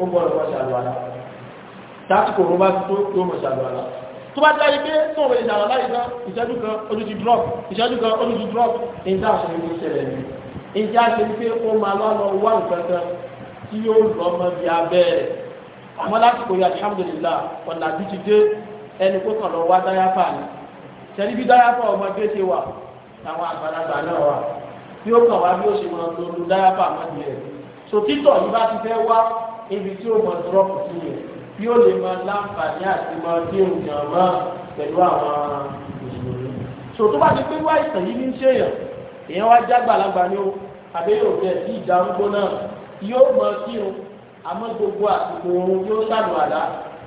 ó gbọ́dọ̀ mọ̀ ṣàlùwàlá lásìkò òun bá ti tó yóò mọ̀ ṣàlùwàlá tó bá dáyé pé tó òun lè ṣàlùwàlá ìṣẹ́jú kan ojú ti drop ìṣẹ́jú kan ojú ti drop ní ìdáhùn ní ìṣẹ̀lẹ̀ yìí ìdí àti pé ó máa lọ lọ wá nǹkan tí yóò lọ mọ bí abẹ́ rẹ̀ àmọ́ lásìkò yìí alihamudulilá ọ̀nà àbí ti dé ẹni kó kàn lọ wá dáyàfà ni sẹ́ni bí dáyàfà ọmọdé ṣe wà àwọn àgbàlagbà náà wà bí ó kàn wá bí ó ṣe máa lọ lu dáyàfà mọ́ni rẹ̀ so títọ̀ yìí bá ti fẹ́ wá ibi tí ó mọ dúrọ́pù sí yẹn bí ó lè máa láǹfààní àti máa dé òǹjàn mọ́ pẹ̀lú àwọn ìṣòro so tó bá ti pé wá ìtàn yìí ní ṣèyàn èèyàn wá jágbàlagbà ni ó àbí yóò fẹ́ sí ìdárúgbó náà yóò mọ sí o àmọ́ gbogbo àsìkò oorun yóò sànù àlá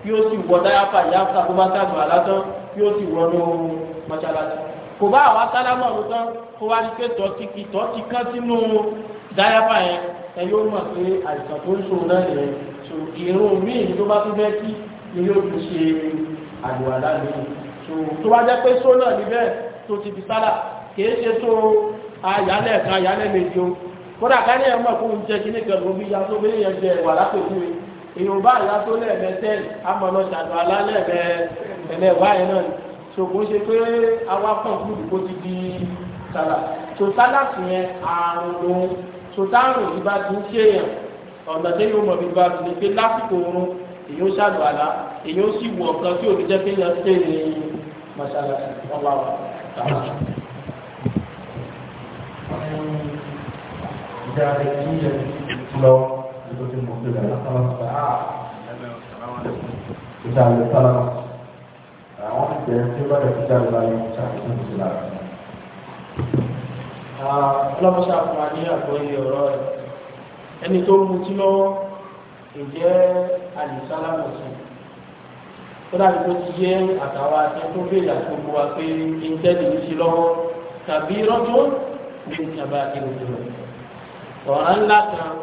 yóò sì wọ dáyàfà yáfà tó bá sànù àlá tán yóò sì wọnú mọ́ṣáláṣí kò bá àwa sálámọ̀ ọ̀run tán kó wá ní pé tọ́tìkì tọ́tì kan sínú dáyàfà yẹn ẹ yóò mọ̀ pé àìsàn tó ń so náà nìyẹn so ìrún míì tó bá tún fẹ́ sí ni yóò fi ṣe àlùwàlá mi so tó bá jẹ́ pé sólà níbẹ̀ tó ti fi sálà kì í ṣe tó ayálẹ̀ kan ayálẹ̀ méjì o kódà káyọ̀ ẹ̀ mọ̀ kó ń jẹ́ kíní kan lóbi ya tó bẹ́ẹ̀ yẹn jẹ wà látòkú mi èèyàn bá ya tó lẹ́ẹ̀mẹ́tẹ́ amọ̀nà ṣàdùn alálẹ̀ ẹ̀mẹ́ wá yẹn náà ṣòkò ṣe pé awa pọ̀n kúrò kó ti di sàlà tó sálà sí yẹn àrùn òun tó táàrùn ìbá ti ń ṣe yẹn ọ̀nà tí yóò mọ̀ bí ba ti pé lásìkò oorun èèyàn ṣàdùn àlá èèyàn sì wọ̀ kan tí òbí jẹ́ pé yẹn ṣe ní mọ̀ṣálà ọ̀wà wa ìdáradẹ́kíyẹ lọ ìgbójú mọ̀ sí ìdára sálàmùsà ìdára sálàmùsà àwọn ìgbẹ́ tí ó bá dẹ̀ fíjà láyé ṣàkóso ìṣẹ̀lá ọlọ́pàá fún wa ní àgbọ́yé ọ̀rọ̀ rẹ̀ ẹni tó mú tí lọ́wọ́ ìjẹ́ àlìsálàmùsùn tó dábí tó ti yé àtàwọn akẹ́kọ̀ọ́ bèèrè àti gbogbo wa pé ìjẹ́ nìyí lọ́wọ́ tàbí rọ́jò ní ìjọba ìròyìn ọ̀ràn ńlá kan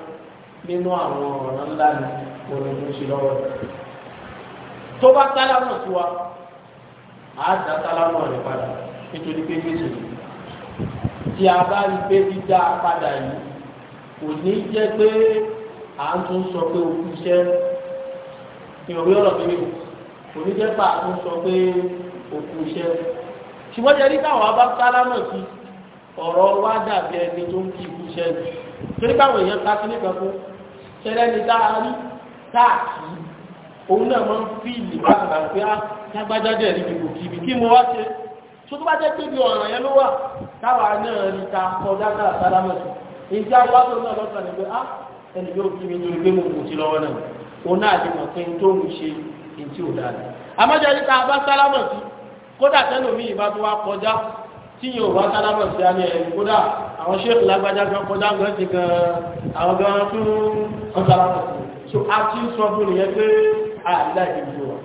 nínú àwọn ọ̀ràn ńlá ni olùkú sí lọ́wọ́ tó bá sálámọ̀ sí wa á dá sálámọ̀ rẹ̀ padà nítorí pé méjì tí a bá rí pé dídá padà yìí kò ní jẹ́ pé à ń tún sọ pé òkú iṣẹ́ ìròyìn ọ̀rọ̀ mi kò ní jẹ́ pé à ń tún sọ pé òkú iṣẹ́ ṣùgbọ́n jẹ́ nígbà wọn bá sálámọ̀ sí i ọ̀rọ̀ wá dàbí ẹni tó ń kí ikú sẹ́yìn torí báwọn èèyàn ta sí nìkan fún ṣẹlẹ̀ ní dáárí táàkì òun náà máa ń fi ìlú bàbà pé á ah, lágbájáde ẹ̀rí gbogbo kìbì kí mo wá ṣe tó tó bá jẹ́ pé bí ọ̀ràn yẹn ló wà táwa náà rí ta kọjá náà sálámẹ̀sì ìjà wá tó náà lọ́sàn ah, sí kódà tẹ́lómi ìbá tó wá kọjá tí yóò wá sálámà sí àmì ẹ̀rù kódà àwọn ṣéèkì lágbájá kan kọjá gan ti gan àwọn gan fún ọ̀sálámà sí so a ti sọ fún ìyẹn pé àìlá ìdìbò wa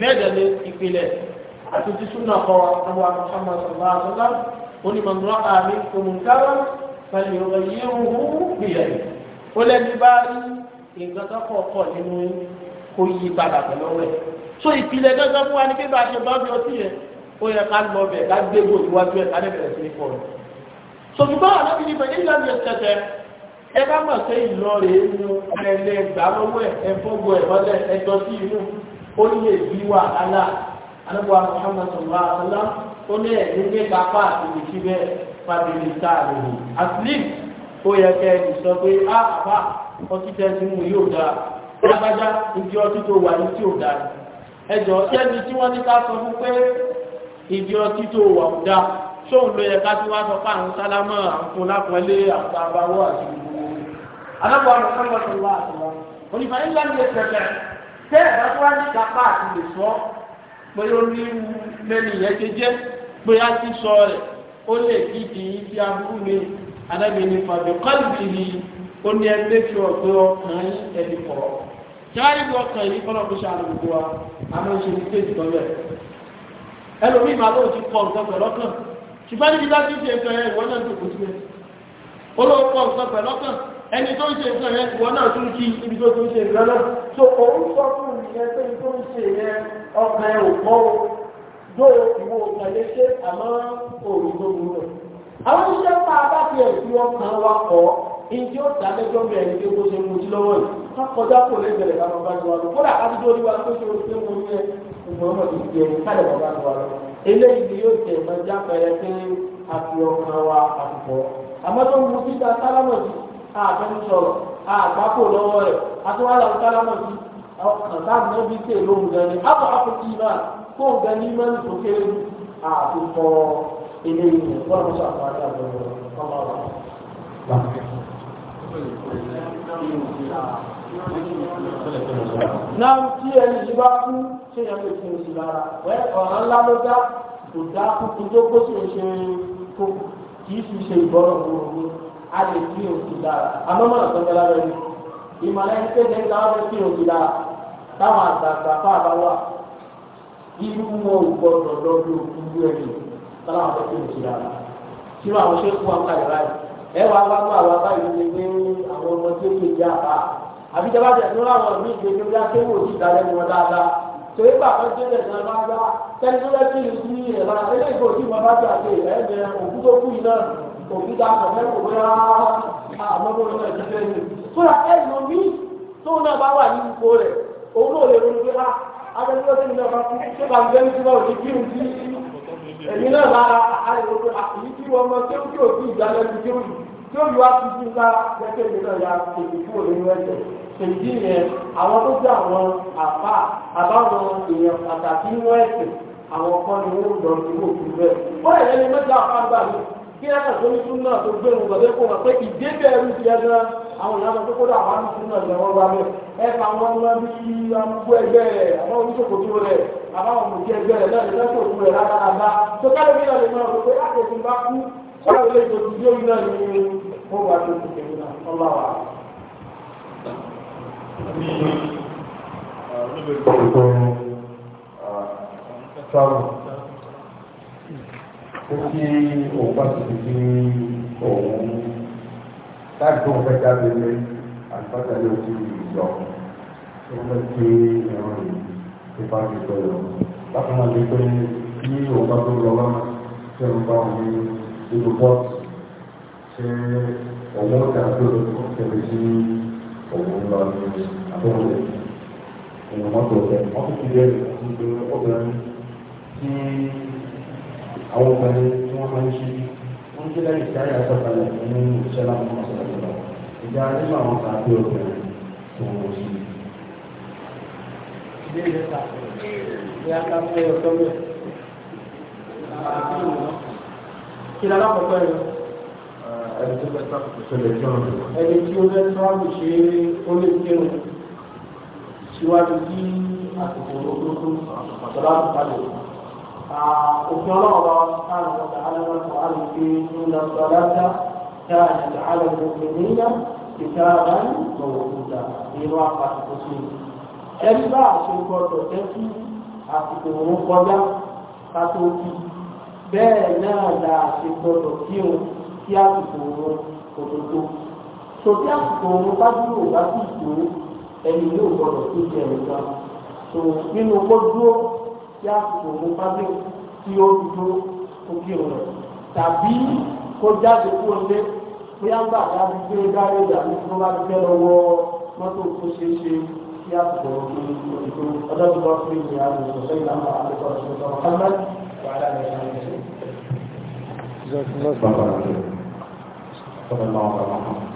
bẹ́ẹ̀ ni ìpìlẹ̀ àti ti súnà kọ àwọn Muhammad sallallahu alaihi wasallam onímọ̀nùrọ̀ àmì kòmùnkárà pẹ̀lú ìròyìn òhun gbìyànjú ó lẹ́ni bá rí nǹkan tó kọ̀ ọ̀kọ̀ nínú kó yí padà pẹ̀lú ọ̀rẹ́ so ìpìlẹ̀ gángan fún wa ni pé bá a ṣe bá bí ọtí yẹn ó yẹ ká lọ bẹ̀ ká gbé gbòòdì wájú ẹ̀ ká lè sí ní fọ̀rọ̀. sòtúbọ̀ àlábì ní bẹ̀rẹ̀ ìlànà ìṣẹ̀ṣẹ̀ ẹ bá mọ̀ sí ìlọrin inú ẹ̀lẹ́ gbà lọ́wọ́ ẹ̀ ẹ̀fọ́gbọ̀ ẹ̀ mọ́lẹ̀ ẹjọ́ sí inú ó ní èbí wà lálá anábọ̀ Muhammad sallallahu alaihi ó ní ẹ̀mí ní kápá àti ìṣí bẹ́ẹ̀ fàbílì sáàlì àtìlì ó yẹ kẹ́ ẹ̀ sọ pé á ah, àbá ọtí tẹ́sí mú yóò dáa lágbájá ìdí ọtí tó wà ní tí ò dáa ẹjọ́ sẹ́ni tí wọ́n ní ká sọ fún pé ìdí ọtí tó wà ó dá sóun ló yẹ ká tí wá sọ pé àwọn sálámà àwọn fún lápọ̀lé àwọn abáwọ́ àti gbogbo alábọ̀ àwọn sọ́lọ́ tó wà àtọ̀wọ́ onífà ńlá ní ẹsẹ̀ bẹ̀ tẹ́ ẹ̀ bá tó wá ní kápá a lè sọ pé ó ní mẹ́ni yẹn ṣe jẹ́ pé á ti sọ rẹ̀ ó lè kí di ibi aburú ni alábìíní fàbí kọ́lùbì ní ẹgbẹ́ fi ẹlòmíì máa lóun ti kọ nǹkan pẹ̀lú ọkàn ṣùgbọ́n níbi tá ti ṣe nǹkan yẹn ìwọ náà tó kò sílẹ̀ olóhùn kọ nǹkan pẹ̀lú ọkàn ẹni tó ń ṣe nǹkan yẹn ìwọ náà tún kí ibi tó tún ṣe nǹkan náà so òun sọ fún mi yẹn pé tó ń ṣe yẹn ọkàn ẹ ò kọ́ o dó ìwọ òkàn lè ṣe àmọ́ òòrùn tó wúlò àwọn iṣẹ́ tá ìdí ọ̀dà lẹ́jọ́ bẹ̀rẹ̀ ní pé kó ṣe mojú lọ́wọ́ yìí wọ́n kọjá kò lẹ́gbẹ̀rẹ̀ ká bàbá ju wa lọ kódà ká dúdú oríwa tó ṣe oṣù mo yẹ ìmọ̀ ọmọ ti di ẹni kálẹ̀ bàbá ju wa lọ eléyìí ni yóò jẹ ìmọ̀ já pẹrẹ pé a fi ọkàn wa àtùpọ̀ àmọ́ tó ń mu títa sálámọ̀tì àtẹnu sọ̀rọ̀ àgbákò lọ́wọ́ rẹ̀ àtúwálà sálámọ̀tì ọkàn táàmù náà bí tè lóhùn náà tí ẹni tí bá kú ṣe yẹn pé kí n sì lára wẹ́ ọ̀ràn ńlá ló dá kò dá kúkú tó kó sì ṣe kó kì í sì ṣe ìgbọ́rọ̀ gbogbo a lè kí n sì lára àmọ́ mọ̀nà tó gbẹ́lá rẹ̀ ni ìmọ̀lẹ́ ní kéde ń dáwọ́ kí n sì lára táwọn àgbààgbà fáà bá wà irú wọn ò gbọdọ̀ lọ́dún irú ẹ̀yìn táwọn àgbà kí n sì lára kí wọn àwọn ṣe kú wọn ká ìráyè ẹ wà wá mú àwọn abáyé ní pé àwọn ọmọ tó ṣe ìyá àbá àbí jọba jẹ ní àwọn mí ìgbé tó bí akéwò òjì ìdálẹ́ wọn dáadáa tòwé bàbá tó lẹ̀ náà máa gbá tẹ́lẹ̀ tó lẹ́sí ìlú ní ìrẹ̀lá ilé ìgbò tí mo bá gbà pé ẹ̀ẹ́dẹ̀ òkú tó kú iná òkú tá a kọ̀ mẹ́kọ̀ọ́ pé àwọn ọmọ náà ti fẹ́ mi. fúnra ẹ̀rọ mi tóun náà bá wà ní ipò rẹ̀ òun náà lè ronú pé a ah, adébíyọ tó ní ọba fún ṣé bá ń gbé nítorí náà ní kírun sí èmi náà bá a lè ronú àkùnrin ah, tí wọn mọ kéwù tí ò tí ó yọ akutu ká gẹ́gẹ́ bí náà ya èdè kúrò nínú ẹ̀jẹ̀ èdè yẹn àwọn tó jẹ́ àwọn àfa àbáwọn èèyàn pàtàkì nínú ẹ̀sìn àwọn kan ni wọ́n lọ sí òkú bẹ́ẹ̀. ó lè yẹn ní mẹ́ta àfáàgbà mi kí ẹ̀ka tó ní sún náà tó gbé mu gbàgbé kó wọn pé ìdébẹ̀ ẹ̀rú ti ẹ̀ gan àwọn ìyá tó kó dà wọn ní sún náà lè wọ́n wọ́n lè tó ti dé orí náà ní wọ́n wà ní oṣù kẹ̀kẹ́ náà ọlá wa. ní níbẹ̀ tó ń tọ́ sáwọn ó kí òun bá ti di ní òun láti tó ń fẹ́ jáde lé àgbàdá ló ti yọ ó fẹ́ kí ẹ̀rọ ìfipá ti sọ̀rọ̀ bákan náà ní pé ní òun bá tó lọ lọ́nà tí ẹ̀rọ bá wọn ní nínú bọ́ọ̀tù ṣé òun ó dàgbé òkèèrè sí òun lọ ní àbúrò ìrìn mọ́tò rẹ̀ wọ́n fi lè rí pé obìnrin tí àwọn obìnrin tí wọ́n máa ń ṣe wọ́n jẹ́ lẹ́yìn tí àyà sọ̀kalẹ̀ nínú ìṣẹ́ láwọn ọmọ sọ̀rọ̀ lọ ìjà nínú àwọn tàbí obìnrin tó wọ́n ṣe. Ilé ìjọba, ìyá ká fẹ́ ọ̀tọ́ bẹ́ẹ̀ kí lára pọ̀pọ̀ rẹ̀. ẹni tí ó fẹ́ sáàpù ṣẹlẹ̀ kírun. ẹni tí ó fẹ́ sáàpù ṣe ó lè kírun síwájú kí àsìkò olóòtú àtọ̀lá àtúntàlẹ̀. òfin ọlọ́run wa sáàrùn ọ̀tà aláwọ̀ àrùn pé ó lọ sọ aláta táà ní àlọ́ ìgbòkè níyà ìtara lọ́wọ́kúta nínú àpàtàkó sí ẹni bá àṣẹ gbọdọ̀ tẹ́kí àsìkò òun kọjá ká tó kí bẹ́ẹ̀ náà là ṣe gbọdọ̀ kí o kí àsìkò oorun òdodo tó bí àsìkò oorun bá dúró bá sì tó ẹni yóò gbọdọ̀ tó jẹ ẹ̀ka tó nínú kó dúró kí àsìkò oorun bá dé kí ó dúró kó kí o rẹ̀ tàbí kó jáde kó lé pé àgbà dábí pé dáre ìdààmú tó bá fẹ́ lọ́wọ́ mọ́tò tó ṣeé ṣe kí àsìkò oorun tó dúró ọjọ́ tó bá fún ìyá rẹ̀ sọ̀rọ̀ ìlànà àlejò ọ̀sẹ̀ ọ̀sẹ̀ ọ̀sẹ̀ وعلى آله وصحبه جزاكم الله خيرا